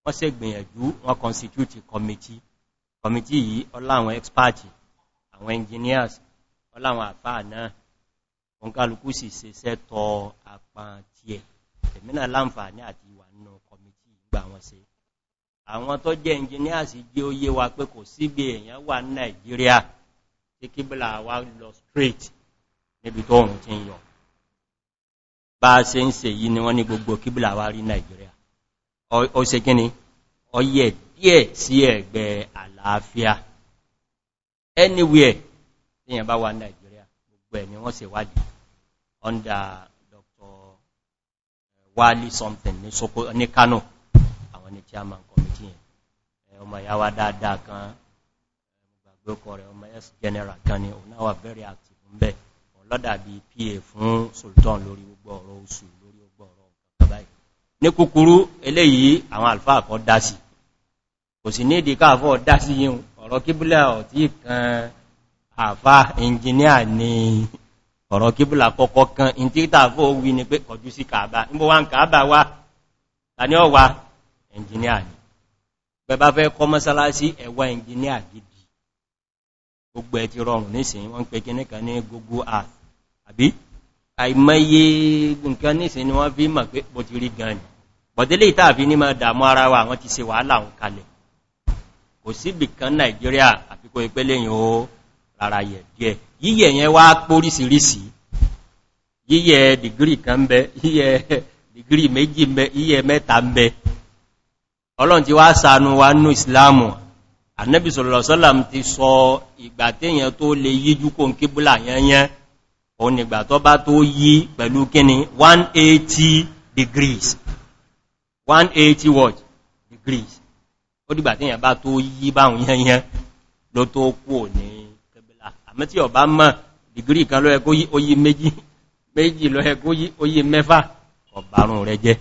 wọ́n ṣe gbìyànjú wọ́n constitute committee committee yìí ọláwọn experts àwọn engineers ọláwọn àfáà náà wọ́n kálukú sì ṣe sẹ́tọ̀ àpá tí ẹ̀ tẹ̀mínà láǹfà ní àti ìwà nínú committee gbà wọ́n ṣe àwọn tó jẹ́ engineers jẹ́ ó yé wa pé kò síbi èèyàn wà ní Nigeria. tí kíbílà wá lọ straight níbi tó oòrùn ti ń yọ bá a ṣe ń ṣe yìí ni wọ́n ní gbogbo kíbílà wá rí Nàìjíríà ó ṣe kíni ó yẹ díẹ̀ sí ẹ̀gbẹ́ àlàáfíà anywhere èèyàn bá wà ní Nàìjíríà gbogbo ẹ̀ ni wọ́n ṣe wádìí under Dr. Eh, Wali something ní Kano àwọn ni chairman ọmọ ìyáwá dáadáa kan gbàgbókọ̀ rẹ̀ ọmọ s general kan ni òun náà wà very active ń bẹ̀ ọlọ́dà bí pa fún sultan lórí gbogbo ọ̀rọ̀ oṣù lórí gbogbo ọ̀rọ̀ ọ̀kàbáyì ní kúkúrú eléyìí àwọn alfáà kọ́ dá sí kò sì ní ìdí káàfọ́ dá sí yíò ọ̀rọ̀ kíbùlà ọ̀tí kan àfá ẹnjìníà ni ọ̀rọ̀ kíbùlà kọ́kọ́ kan in tí tààfọ́ wí ni pé kọjú sí kàábà níbo wá ń kàábà wá ta bẹba fẹ́ kọ́ mọ́sálásí ẹ̀wà ẹnjìníà gidi gbogbo ẹ̀ ti rọrùn nísìn wọ́n pè kí nìkan ní gbogbo earth àbí àìmọye nǹkan nísìn ni wọ́n fi mọ̀ pé bó ti rí gan ni bọ̀délé ìtààfin ní máa dàmú ara wa wọ́n ti se wàhálà òun kalẹ̀ kò síbì kan nàìjíríà àfikò ìpẹ́lẹ̀ ọlọ́run ti wá sànú wa nú ìsìláàmù annabi sọ̀rọ̀lọ́sọ́làm ti sọ ìgbà téèyàn tó lè yíjú kó ń kíbùlà yẹnyẹn òun ìgbà tó bá tó yí pẹ̀lú kíni 180 degrees 180 watt degrees ó dìgbà téèyàn bá tó yí báhùn yẹnyẹn ló tó kú ní kíbùlà àmì tí ọba mọ̀ dìgírí kan lọ́yẹ kó yí oyí méjì méjì lọ́yẹ kó yí oyí mẹ́fà ọ̀bàrún rẹ jẹ́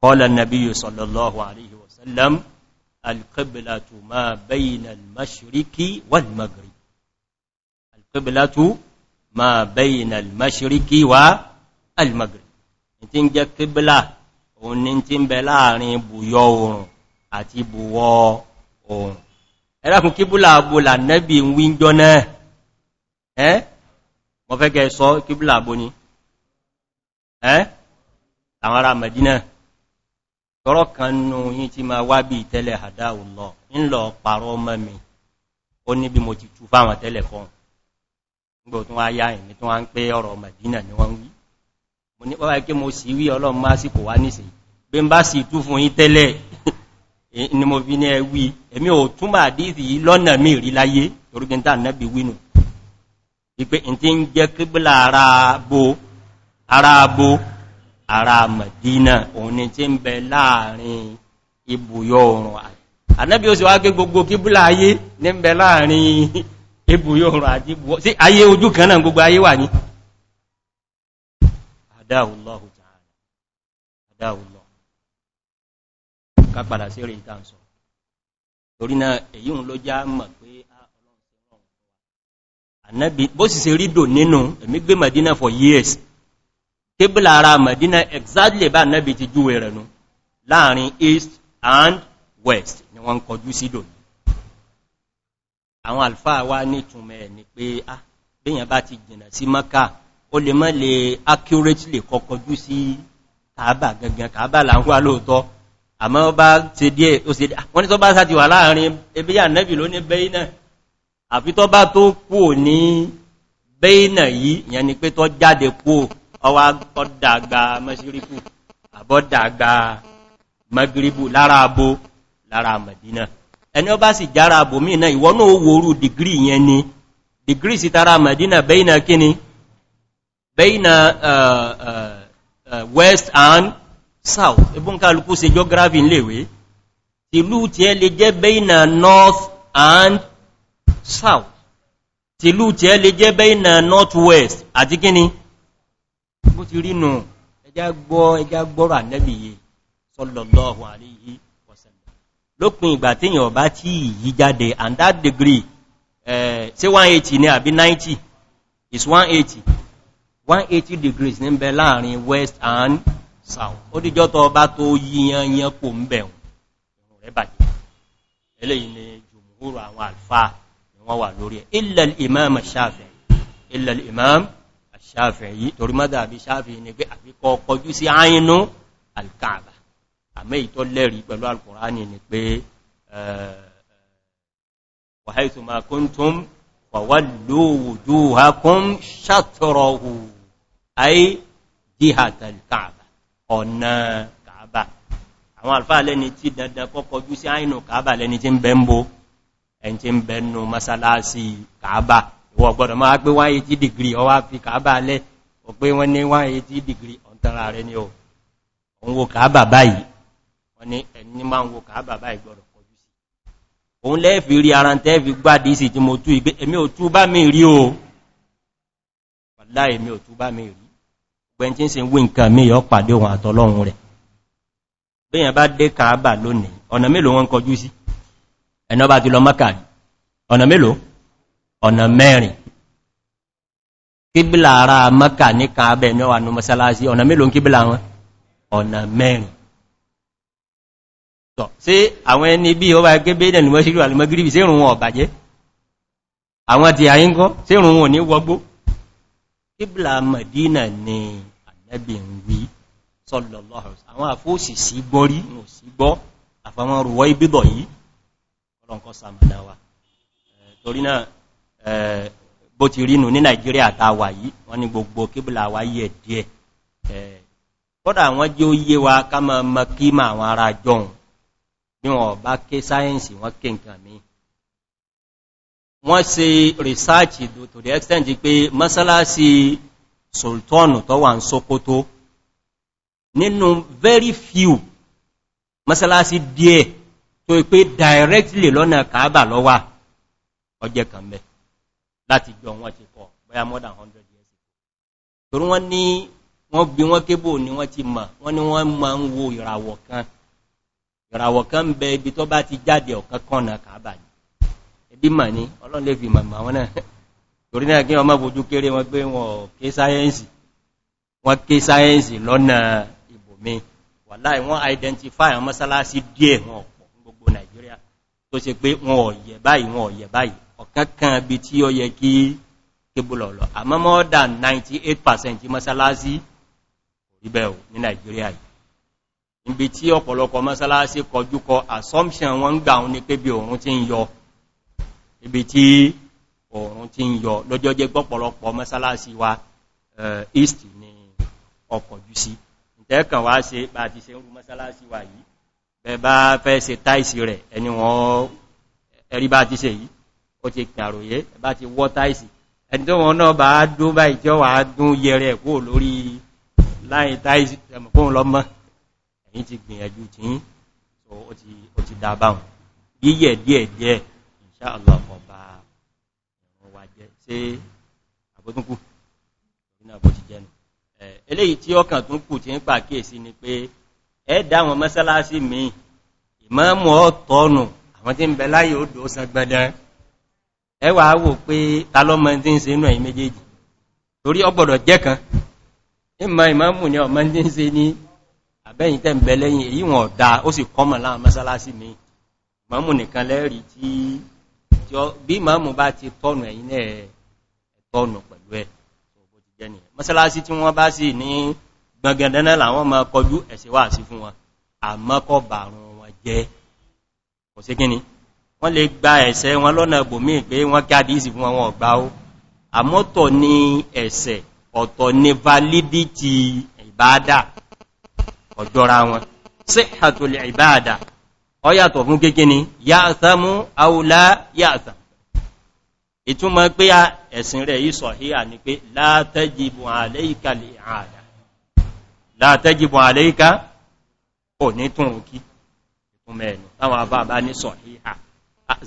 kọ́lẹ̀ nàbí yóò sọ̀lọ́lọ́wọ́ wasallam alqiblatu ma bayna almashriqi wal maghrib alqiblatu ma bayna almashriqi wa al maghrib tí ń jẹ́ kíbílà òun ní tí ń bẹ láàrin bùyọ oòrùn àti bùwọ oòrùn ẹ̀rákùn kíbílà bó là nẹ́bí ń wí jọ náà ẹ́ mọ́ ni ẹ́ àwọn ará tọ́rọ kan nù yí tí ma wá bí tẹ́lẹ̀ àdáwò lọ ń lọ pàrọ mẹ́mi ó ní bí mo ti tú fáwọn tẹ́lẹ̀ kan gbò tún wá yá ìmì tún wá ń pé ọ̀rọ̀ mẹ̀dínà ni wọ́n wí mo ní pọ́wàá kí mo sì wí ọlọ́run má sí kò wá nìsìn bí n bá sì tú fún yí tẹ́lẹ̀ (laughs) ni mo fi ní ẹ wí èmi ara Madina oni tí ń bẹ láàrin ibùyọ oòrùn ànábí o si wá gé gbogbo kíbùlà láàrin ibùyọ oòrùn àti ibùwọ̀ sí ayé ojú kan gbogbo ayé wà ní adáhùlọ́hù ta'ala adáhùlọ́ kápadà sí eyi ìtànsọ̀ torí náà èyí ń ló já ah, for years kébìlà ara Madina exactly bá nẹ́bi ti júwe rẹ̀ nù láàrin east and west ni wọ́n kọjú sí dòní àwọn alfáà wá nítúnmẹ́ ni pé a ah, bíyàn bá ti jìnà sí Maka ó lè mọ́ lè accurately kọkọjú sí Kaaba gangan Kaaba là ń wá lóòtọ́ àmọ́ ó bá ṣe díẹ̀ ó ṣe díẹ̀ ah, wọ́n ní tó bá sáti wà láàrin ebí yà nẹ́bì ló ní bẹ́yìnà àfi tó bá tó kúò ní bẹ́yìnà yìí ìyẹn ni pé tó jáde kúò ọwá ọdàgbà mẹ́síríkù àbọ́dàgbà magribu lára abo lára Madina ẹni ọba sì jára abo mìíràn ìwọ́n náà wòrú dìgírì yẹn ni dìgírì sí tara Madina bẹ́yìnà kíni bẹ́yìnà west and south ibùnkálukú ṣe geography léwé tìlú tí ẹ lè jẹ́ bẹ́yìnà north and south tìlú tí ẹ lè jẹ́ bẹ́yìnà northwest àti kíni bó ti rí nù ẹjá gbọ́ ẹjá gbọ́rọ̀ ànẹ́bì yìí sallallahu alayhi wa sallam lópin ìgbà tí èyàn bá tí yí jáde and that degree ṣe 180 ní àbí 90 is 180 180 degrees ní bẹ láàrin west and south ó díjọ́ tó bá tó yíyan yẹn kò ń bẹ̀rùn rẹ̀ bàjẹ́ eléyìí ni jùmúhúrù àwọn àlfà illa al-imam Shafi'i illa al-imam ṣáfẹ̀yí torí mọ́dá àbí ṣáfẹ̀yí ni pé àfikọ́ kọjú sí àyínú alkaaba àmẹ́ ìtọ́ lẹ́rí pẹ̀lú alkùnránì ni pé wàháìtù ma ṣàtọrọhù ayé jíhàtà alkaaba ọ̀nà kaaba àwọn alfáà lẹ́ni tí dandan kọ́ kọjú sí àyínú kaaba lẹ́ni tí ń bẹ́ ń wọ́n gbọ́dọ̀ máa pé 180 degree ọwá fi kàábà lẹ́ o pé wọ́n ní 180 degree ọ̀tara rẹ̀ ni o òun wo kàábà báyìí wọ́n ní ẹni máa ń wo kàábà báyìí gbọ́dọ̀ kọjú sí òun lẹ́ẹ̀fì rí ara tẹ́ẹ̀fì gbádì sí tí mo tú o láì mi ò tú bá mi rí gbẹ̀ntín sí wí nǹkan mi yọ pàdé òun àtọlọ́run rẹ̀ bíyàn bá dé kàábà ọ̀nà mélòó wọn kọjú sí ẹ̀nà bá ti lọ mọ́kà ọ̀nà mélòó ọ̀nà mẹ́rin kíbílà ara mọ́kà ní kàábẹ̀ ní wà ní mọ́sálásí ọ̀nà mélòó kíbílà wọn ọ̀nà mẹ́rin tọ̀ sí àwọn ẹni bí ọba gẹ́gẹ́ ìdẹ̀lú mọ́sílù alìmọ́gírìbì sí ìrùn wọn ọ̀bàjẹ́ àwọn ti àyínkọ́ sí ìrùn wọn ní wọgbó kíbílà mọ̀dínà ni ànẹ́bì ń wí sọ́lọ̀lọ́ Eh, bó ti rínú ní Nàìjíríà ta wà yìí wọ́n ní gbogbo kíbùlà wá yẹ̀ díẹ̀ eh, kọ́dà wọ́n jí ó yé wa ká mọ́ mọ́ kí ma àwọn ará jọun bí wọ́n bá ké sáyẹ́nsì wọ́n ké nǹkan mi wọ́n ṣe research to the extent pé mọ́sálásí sultanu tó wà ń Sókótó nínú very few mọ́sálásí díẹ̀ tó pé directly lọ́nà Kaaba lọ́wà ọjẹ́ kan bẹ́ẹ̀ láti jọ wọn ti kọ bóyá more than 100 years ago torí wọ́n ní wọ́n bí wọ́n kébò ní wọ́n ti mọ̀ wọ́n ní wọ́n máa ń wo ìràwọ̀ kan ìràwọ̀ kan bẹ ibi tó bá ti jáde ọ̀kan kọ́nà kàábà ní ẹbí mà ní ọlọ́run lè fi màmà wọn náà (laughs) torí náà kí wọ́n má bojú kéré wọn pé wọn ké sáyẹ́ǹsì wọ́n ké sáyẹ́ǹsì lọ́nà ìbòmí wà láì wọ́n identify àwọn mọ́sálásí díẹ̀ wọn ọ̀pọ̀ gbogbo Nàìjíríà tó ṣe pé wọn ò yẹ báyìí wọn ò yẹ báyìí ọ̀kankan bí tí ó yẹ kí kébùlọ̀ àmọ́ more than 98% mọ́sálásí ìbẹ̀wò ní Nàìjíríà yìí ibi tí ọ̀pọ̀lọpọ̀ mọ́sálásí kọjúkọ assumption wọ́n gbà ní pé bí òòrùn ti ń yọ ibi tí òòrùn ti ń yọ lọ́jọ́ jẹ́ gbọ́pọ̀lọpọ̀ mọ́sálásí wa eh, east ni ọkọ̀jú sí ìtẹ́kàn wá ṣe bá ti ṣe ń rú mọ́sálásí wa yìí bẹ bá fẹ́ ṣe táìsì rẹ̀ ẹni wọ́n ẹrí bá ti ṣe yìí ó ti kàròyé bá ti wọ́ táìsì ẹni tó wọn náà bá dún bá ìjọ wà dún yẹrẹ kó lórí láì táìsì ẹmọ̀kún lọ́mọ́ ẹ̀yìn ti gbìyànjú tí ó ti dábáhùn yíyẹ̀ díẹ̀ díẹ̀ insha Allah ọba ẹ̀wọ̀n wà jẹ́ sí àbótúnkù ìrìnà bó ti jẹ́nu eléyìí mi ìmọ́mù ọ̀tọ́nù àwọn tí ń bẹ láyé ó dò ó sàgbẹ̀dẹ̀ ẹwà wò pé talọ́mọ tí ń se inú ẹ̀yìn méjèèjì torí ọgbọ̀dọ̀ jẹ́ kan ìmọ̀ ìmọ̀mù ni ọmọ tí ń se ní àbẹ́yìn tẹ́m̀bẹ̀ lẹ́yìn èyí wọn ọ̀dá ó sì kọmọ̀ láwọn mọ́sálásí mi bí ìmọ̀mù bá ti tọ́nù ẹ̀yìn náà tọ́nù pẹ̀lú ẹ̀ mọ́sálásí tí wọ́n bá sì ní gbọ̀ngẹ̀dẹ́nà làwọn máa kọjú ẹ̀sẹ̀ wà sí fún wọn àmọ́kọ̀ wọ́n lè gba ẹ̀ṣẹ̀ wọn lọ́nà ẹbòmí pé wọ́n káàdì ìsì fún àwọn ọ̀gbá ó àmọ́tọ̀ ni ẹ̀ṣẹ̀ ọ̀tọ̀ ni validity ìbáadà ọ̀dọ́ra wọn sihhatul ìbáadà ó yàtọ̀ fún kékíní ya'thamu aw la ya'tham ìtumọ̀ pé ẹ̀sìn rẹ̀ yìí sọ̀híà ni pé la tajibu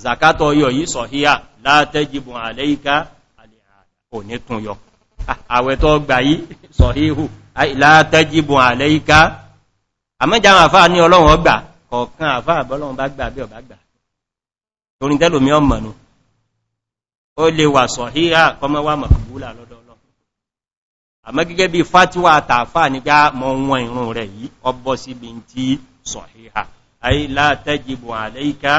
zakatọ̀ yọ yìí sọ̀híyà látẹ́jìbùn àlẹ́ìká onítun yọ ah, àwẹ̀tọ́ gbà yìí sọ̀híhù látẹ́jìbùn àlẹ́ìká àmẹ́jà àfá ní ọlọ́run ọgbà kọ̀ọ̀kan àfá àbọ́lọ́run bá gbà bí ọ̀bá gbà torí tẹ́lòmí ọmọ̀nù ó lè wà sọ̀híyà kọmọ wà mọ̀kúbúlà lọ́dọ́ọlọ́ àmọ́ gẹ́gẹ́ bí fátíwà àtàfà nígbà mọ́ wọn ìrùn rẹ̀ yìí ọbọ́ síbi tí sọ̀híyà ayé látẹ́jìbùn àlẹ́ìká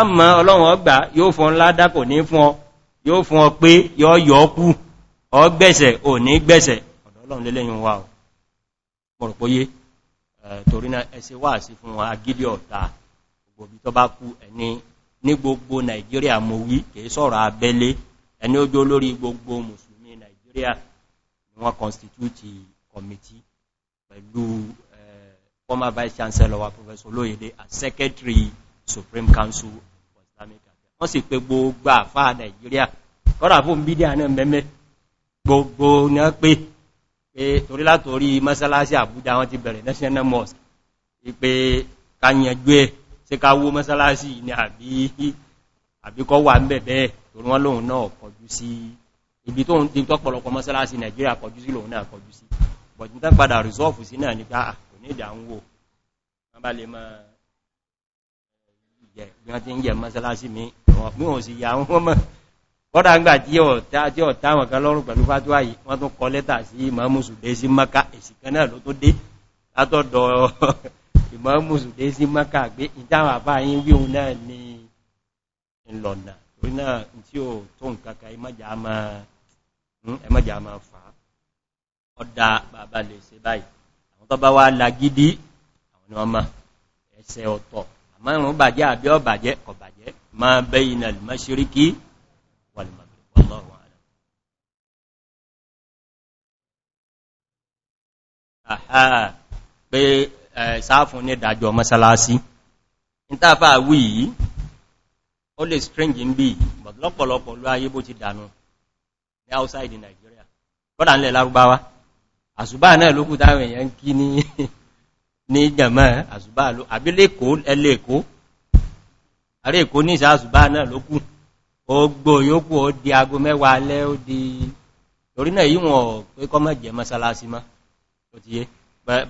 a mọ́ ọlọ́run ọgbà yóò fún ládá kò ní fún ọ yóò fún ọ pé yọ yọ kú ọ gbẹ̀sẹ̀ ò ní gbẹ̀sẹ̀ ọ̀dọ́lọ́run lélẹ́yìn wa mọ̀rọ̀póyé torínà ẹsẹ̀ wà sí fún agídí ọ̀ta gbogbo tó bá kú ẹni ní gbogbo nàìjíríà mo wí kìí sọ̀rọ̀ committee pẹ̀lú former vice chancellor wa professor olóyèdè as secretary supreme council wọ́n sì pé gbogbo àfá nàìjíríà kọ́nà fún bídíà náà mẹ́mẹ́ gbogbo náà pé pé torí látorí mọ́sálásí àbújá wọ́n ti bẹ̀rẹ̀ national mosque wípé káyànjú ẹ̀ sí káwó mọ́sálásí ní àbíkọ́ wà ń bẹ̀bẹ̀ torí wọ́n lóhun náà kọjú sí ibi tó ń di tọ́pọ̀lọpọ̀ mọ́sálásí nàìjíríà kọjú sí lòun náà kọjú sí bọ̀tíntán yẹ bí wọ́n ti mi wọ́n sì yà wọ́n mọ́ kọ́dá ń gbà tí ọ̀ táwọn kan lọ́rùn pẹ̀lú maka èsì kan náà ló tó dé látọ̀dọ̀ sí maka gbé ìdáwà bá yí wíhun náà ní ìlọ̀nà torí náà tí ó tó nkaka ẹmọ́jà máa fà á ọ̀dá bàbá lè ṣe báyìí àwọn tó wá lagidi àwọn ọmọ ẹsẹ̀ ọ̀tọ̀ márùn bàjẹ́ àbí ọ bàjẹ́ ma bayna al-mashriqi wal-maghrib wallahu a'lam àhá pé sáàfún ní ìdájọ́ mọ́sálásí ìtàfà wí yìí ó lè strange ń bí lọ́pọ̀lọpọ̀ ló ayé bó ti dànù ní outside Nigeria kọ́dà nílẹ̀ lárúbáwá àsùbá náà lókútà (laughs) ní jàmá àṣùbá ló àbílẹ̀kó ẹlẹ́kó àrí èkó ní ìsá náà ló kú ó gbò yóò ó di ago mẹ́wàá alẹ́ ó di torí yíwọ̀n pé kọ́ mọ́ jẹ masalasi má ó ti yé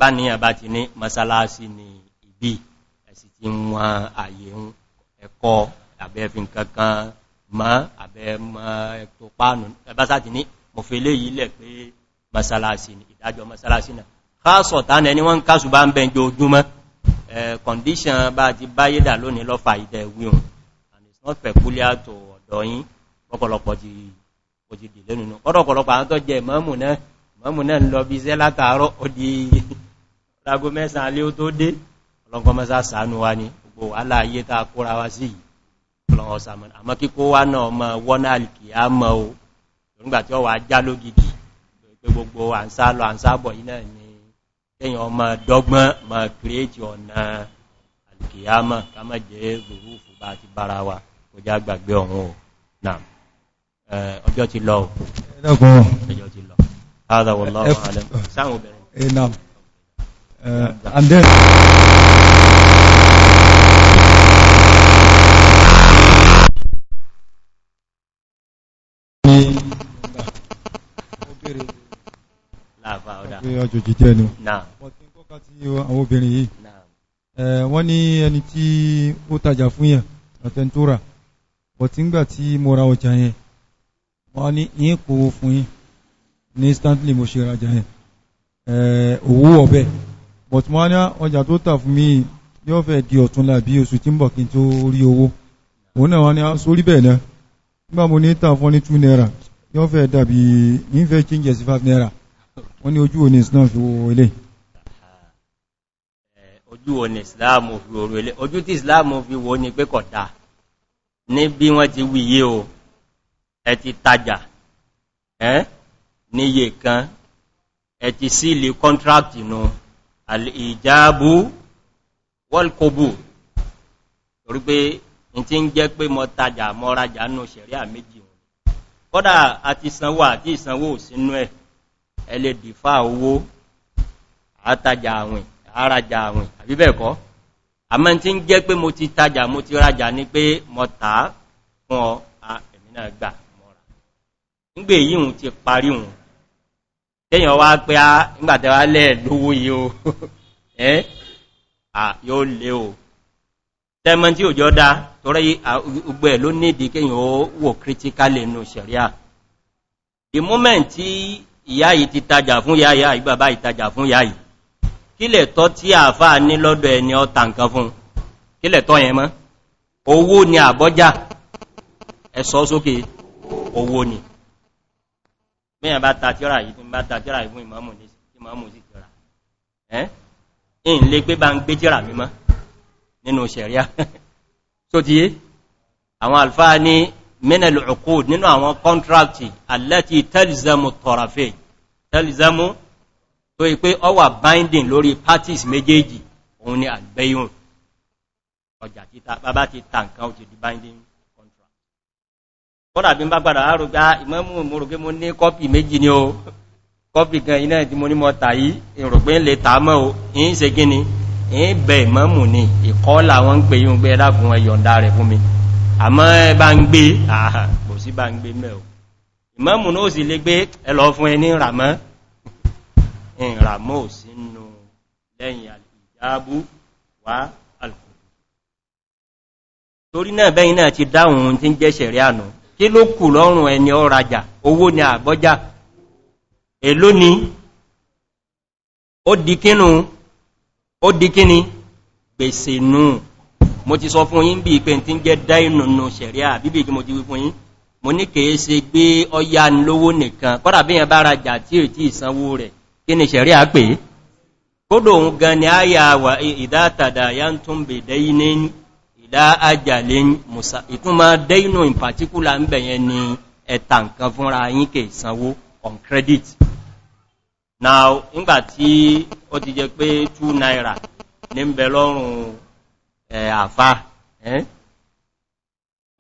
bá ní àbá ti ní masalasi ni ìbí ẹ̀sì ti wọn àyè ẹ̀kọ́ àbẹ́fin kankan mọ́ àbẹ́ mọ́ ẹ̀tọ́ masalasi ni ìdájọ́ masalasi náà fásọ̀ tánà ni wọ́n ń bá ń bẹ́ jọ ojúmọ́ condition bá ti báyé dà lónìí lọ́fà ìdẹ̀ wíhùn and it's not peculiar to ọ̀dọ̀ yín ọ̀pọ̀lọpọ̀ ti òjìdì lónìí ọ̀pọ̀lọpọ̀ àwọn tó jẹ mọ́mù náà mọ́mù náà lọ bí iṣẹ́ látàárọ̀ ó di rago (laughs) mẹ́sàn alé ó tó dé ọlọ́gbọ́n mẹ́sà sàánú gbogbo aláyé ta kóra ni tẹ́yìn ọmọ dọ́gbọ́n ma kìrìẹ́tì ọ̀nà alìkìyàmà ká má jẹ́ rúrú fúgbà ti bára wa kò já gbàgbé ọ̀run ò náà ọjọ́ ti lọ ọjọ́ pé ọjọ́jì ni àwọn obìnrin yìí wọ́n ní ẹni tí ó tajà fún yàn àtẹntúrà bọ̀tí ngbà tí mo ra ọjà yẹn wọ́n ní yín kò fún yín ní stanley mo ṣe rajà yẹn owó ọ̀bẹ̀ but mo ní ah, ọjà tó tà fún mi yóò fẹ́ di oṣù tí ń bọ̀ kí n tó rí owó òun náà wọ́n ní ah, sórí bẹ́ẹ̀ náà nígbà mo ní tà fún ní naira yóò fẹ́ dàbí yín fẹ́ change wọ́n ní ojú òní islam fi wo ilé eh, ojú òní islam fi wo ilé ojú tí islam fi wo ní pé kọ̀dá ní bí wọ́n ti wíyé o ẹ ti tajà ẹ́ níye kan ẹ ti sí ilé contract nù ìjábú wọ́lkóbù torí pé in ti ń jẹ́ pé mọ́ tajà mọ́ rajà nù sẹ̀ríà méjì kọ́dà àti sanwó àti ìsanwó sínú ẹ̀ dị dìfà owó àtajà àwìn àrajà àwìn àbíbẹ̀ẹ̀kọ́ àmọ́ tí ń jẹ́ pé mo ti tajà mo ti rajà ní pé mo tà fún ọ ẹ̀mí gbà mọ́ra nígbè ti parí hùn tẹ́yàn wá pé á nígbàtẹ́wà lẹ́ o (laughs) tẹ́mọ́ tí ò jọ dá ló nídi wò nù ìyá yìí ti tajà fún ìyá ìyá yìí bàbá ìtajà fún ìyá yìí kí lẹ̀ tọ́ tí àfáà ní lọ́dọ̀ ẹni ọta nǹkan fún kí lẹ̀ tọ́ yẹn mọ́ owó ni àbọ́já ẹ̀sọ́ sókè owó ni mẹ́yàn bá ta tíọ́rà yìí bá ta tíọ́rà yìí fún ìmọ̀mù ní ìmọ̀mù sí (laughs) àwọn alfáà ní mẹ́nà lùkúd nínú àwọn kọ́ntrakti alẹ́tí tẹ́lìzẹ̀mù tọ̀ràfẹ́ tẹ́lìzámú tó yí pé ọwà binding lórí parties méjèèjì òun ni àgbẹ̀yùn ọjà títà bàbá ti ta nǹkan ó ti di binding contract kọ́nà bí n bá gbàdà àrùgbá ah, ìmọ́mù mọ́rùgbé mo ní kọ́pì méjì ni o kọ́pì gan iná ìdí mo ní mọ́ tà yí ń lè ta mọ́ o ìyí se gíní ìyí bẹ ìmọ́mù ni ìkọ́lá wọn ń pè yí ń gbé ẹdágun ẹyọ̀ndà rẹ̀ fún mi àmọ́ ẹ bá ń gbé kò sí bá ń gbé mẹ́ o ìmọ́mù náà sì lè gbé ẹlọ fún ẹni ràmọ́ ìràmọ́ sí nù lẹ́yìn ìjábú wá alkùnrin torí náà bẹ́yìn náà ti dáhùn tí ń jẹ́ ṣẹ̀rí ànà kí ló kù lọ́rùn ẹni ọrajà owó ni àgbọ́já èló ni ó di kínú ó di kíní gbèsè nù mo ti sọ fún yín bí ìpẹ́ ń jẹ́ dáìnù nù ṣẹ̀rí àbíbì kí mo ti wí fún yín mo ní kèé se gbé ọya lówó nìkan kọ́dà bí yẹn bá ra jà tí ò tí ìsanwó rẹ̀ kí ni ṣẹ̀rí à pé kódò òun gan ni a yà wà ìdátàdà ya ń tún bè dẹ́yìn ìdá ajalè musa ìtúnmọ̀ dẹ́yìnà in particular ń bẹ̀yẹn ni ẹ̀ta nǹkan fúnra yín kè ìsanwó on credit now nígbàtí ó ti jẹ pé 2 naira ní ń bẹ lọ́rùn eh, àfá eh,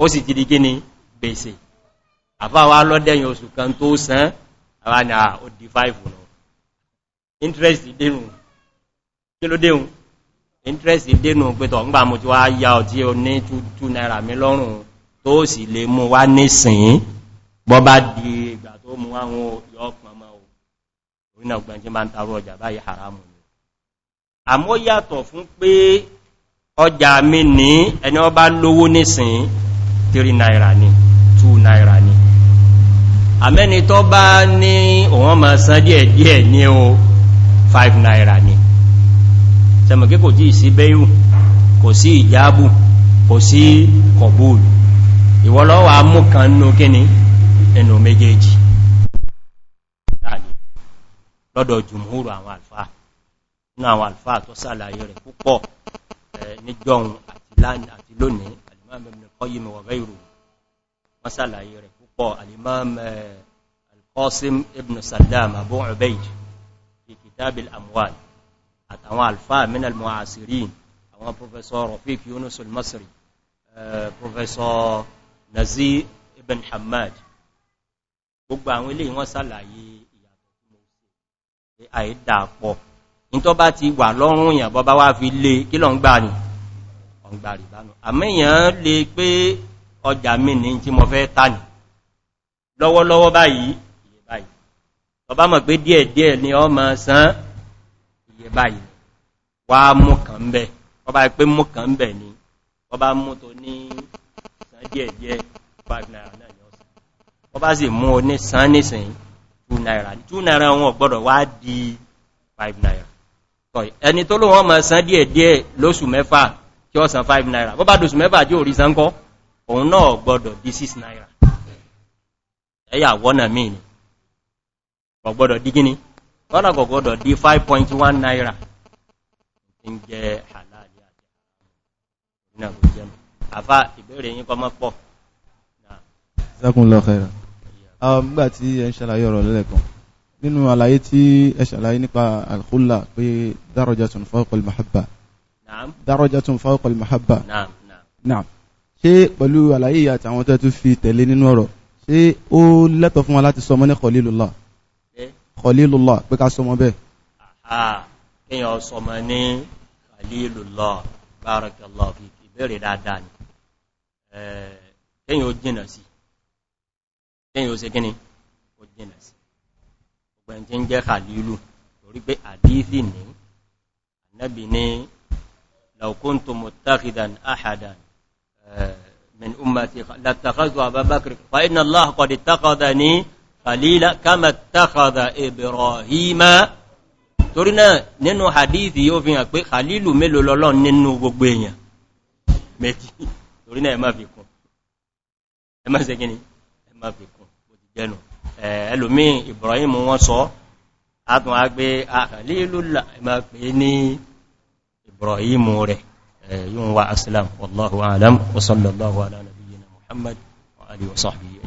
ó sì ti di gíní gbèsè àfáwà lọ́dẹ̀yìn oṣù kan tó sán àwọn ni ó di 5 lọ interest dénú kí ló dénú interest dénú pẹ̀tọ̀ ń gbà mú tí wá yá ọ tí ó ní 2 naira mi lọ́rùn tó sì lè mú wá nísìn bọ́ bá di ìgbà tó mú àwọn yọ́pọ̀ mọ́ orin ọgbọ̀n haramu ni àmọ́ yàtọ̀ fún pé ọjà mi ní ẹni ọba lówó nísìn 3 naira ni àmẹ́ni tó bá ní òun ma san díẹ̀ díẹ̀ ní o 5 naira ni sẹmọ̀kí kò tí sí bẹ́yù kò sí ìjábù kò sí kọ̀bùl ìwọ́lọ́wà mú kan nínú kíni ẹnu méjèèjì lọ́dọ̀ jùmúrù àwọn àlfà ní àwọn àlfà tó sàlàyé rẹ̀ púpọ̀ níjọun àti lónìí alimami ibn qayyim wa ghayru wọ́n sàlàyé rẹ̀ pọ̀ al'imam eh, al-qasim ibn saddam abu ubaid fi kitabil amwal àtàwọn alfa min al-mu'asirin àwọn professor rafiq yunus al-masri eh, professor nazi ibn hamad gbogbo àwọn ilé wọn sàlàyé ìyàtọ̀ àìdàpọ̀ ní tó bá ti wà lọ́rùn èèyàn bọ́bá wá fi lé kí lọ ń gbà ní ọ̀gbà rìbánu àmìyàn lè pé ọjà mi ní tí mo fẹ́ tà ní lọ́wọ́lọ́wọ́ báyìí iye báyìí ọba mọ̀ pé díẹ̀ díẹ̀ ni ọ ma san iye báyìí wá mú kàn bẹ̀ ọba pé mú bẹ̀ ni ọba mú tó ní san díẹ̀ díẹ̀ 5 ni ọ̀sán ọba sì mú ní san nísìn 2 naira 2 naira wọn gbọ́dọ̀ wá di 5 naira ẹni tó lóun ọmọ san díẹ̀ díẹ̀ lóṣù mẹ́fà kí ọ san 5 naira bọ́bá dóṣù mẹ́fà jí ò rí san kọ́ naira ẹ̀yà wọ́nà míì ni ọgbọ́dọ̀ dí gíní kọ́nà gọ̀gọ́dọ̀ dí 5.1 naira tí ń jẹ́ àláàrí àti ìrìnà kò jẹ́ àfá ìbẹ̀rẹ̀ yínkọ mọ́ pọ̀ zakunlọ khaira um, nígbà tí ẹ ń ṣàlàyé ọ̀rọ̀ lẹ́lẹ̀kan nínú àlàyé tí ẹ ṣàlàyé nípa alkhulla pé darajatun fawqal mahabba na'am darajatun fawqal mahabba na'am na'am pẹ̀lú àlàyé àtàwọn tẹ́tù fi tẹ̀lé nínú ọ̀rọ̀ ṣé ó lẹ́tọ̀ fún wa láti sọmọ ní Khalilullah Khalilullah pé ká sọmọ bẹ́ẹ̀ kíyàn sọmọ ní Khalilullah barakallahu fi ìbéèrè dáadáa ni kíyàn ó jìnà sí kíyàn ó ṣe kíni ó jìnà sí ọgbẹ̀n tí ń jẹ́ Khalilu torí pé àdíìsì ní Ànábì ní law kuntu muttakhidan من أمتي لاتخذت أبا بكر فإن الله قد اتخذني خليلا كما اتخذ إبراهيم torí náà nínú hadithi yóò fi hàn pé khalilu mélòó lọ́lọ́ nínú gbogbo èèyàn méjì torí náà ẹ má fi kún ẹ má ṣegíní ẹ má fi kún bó ti jẹ́nu ẹlòmí Ibrahim wọ́n sọ átùn agbé khalilu ẹ má pè ní Ibrahim rẹ̀ آه، يوم أسلام والله أعلم وصلى الله على نبينا محمد وآله وصحبه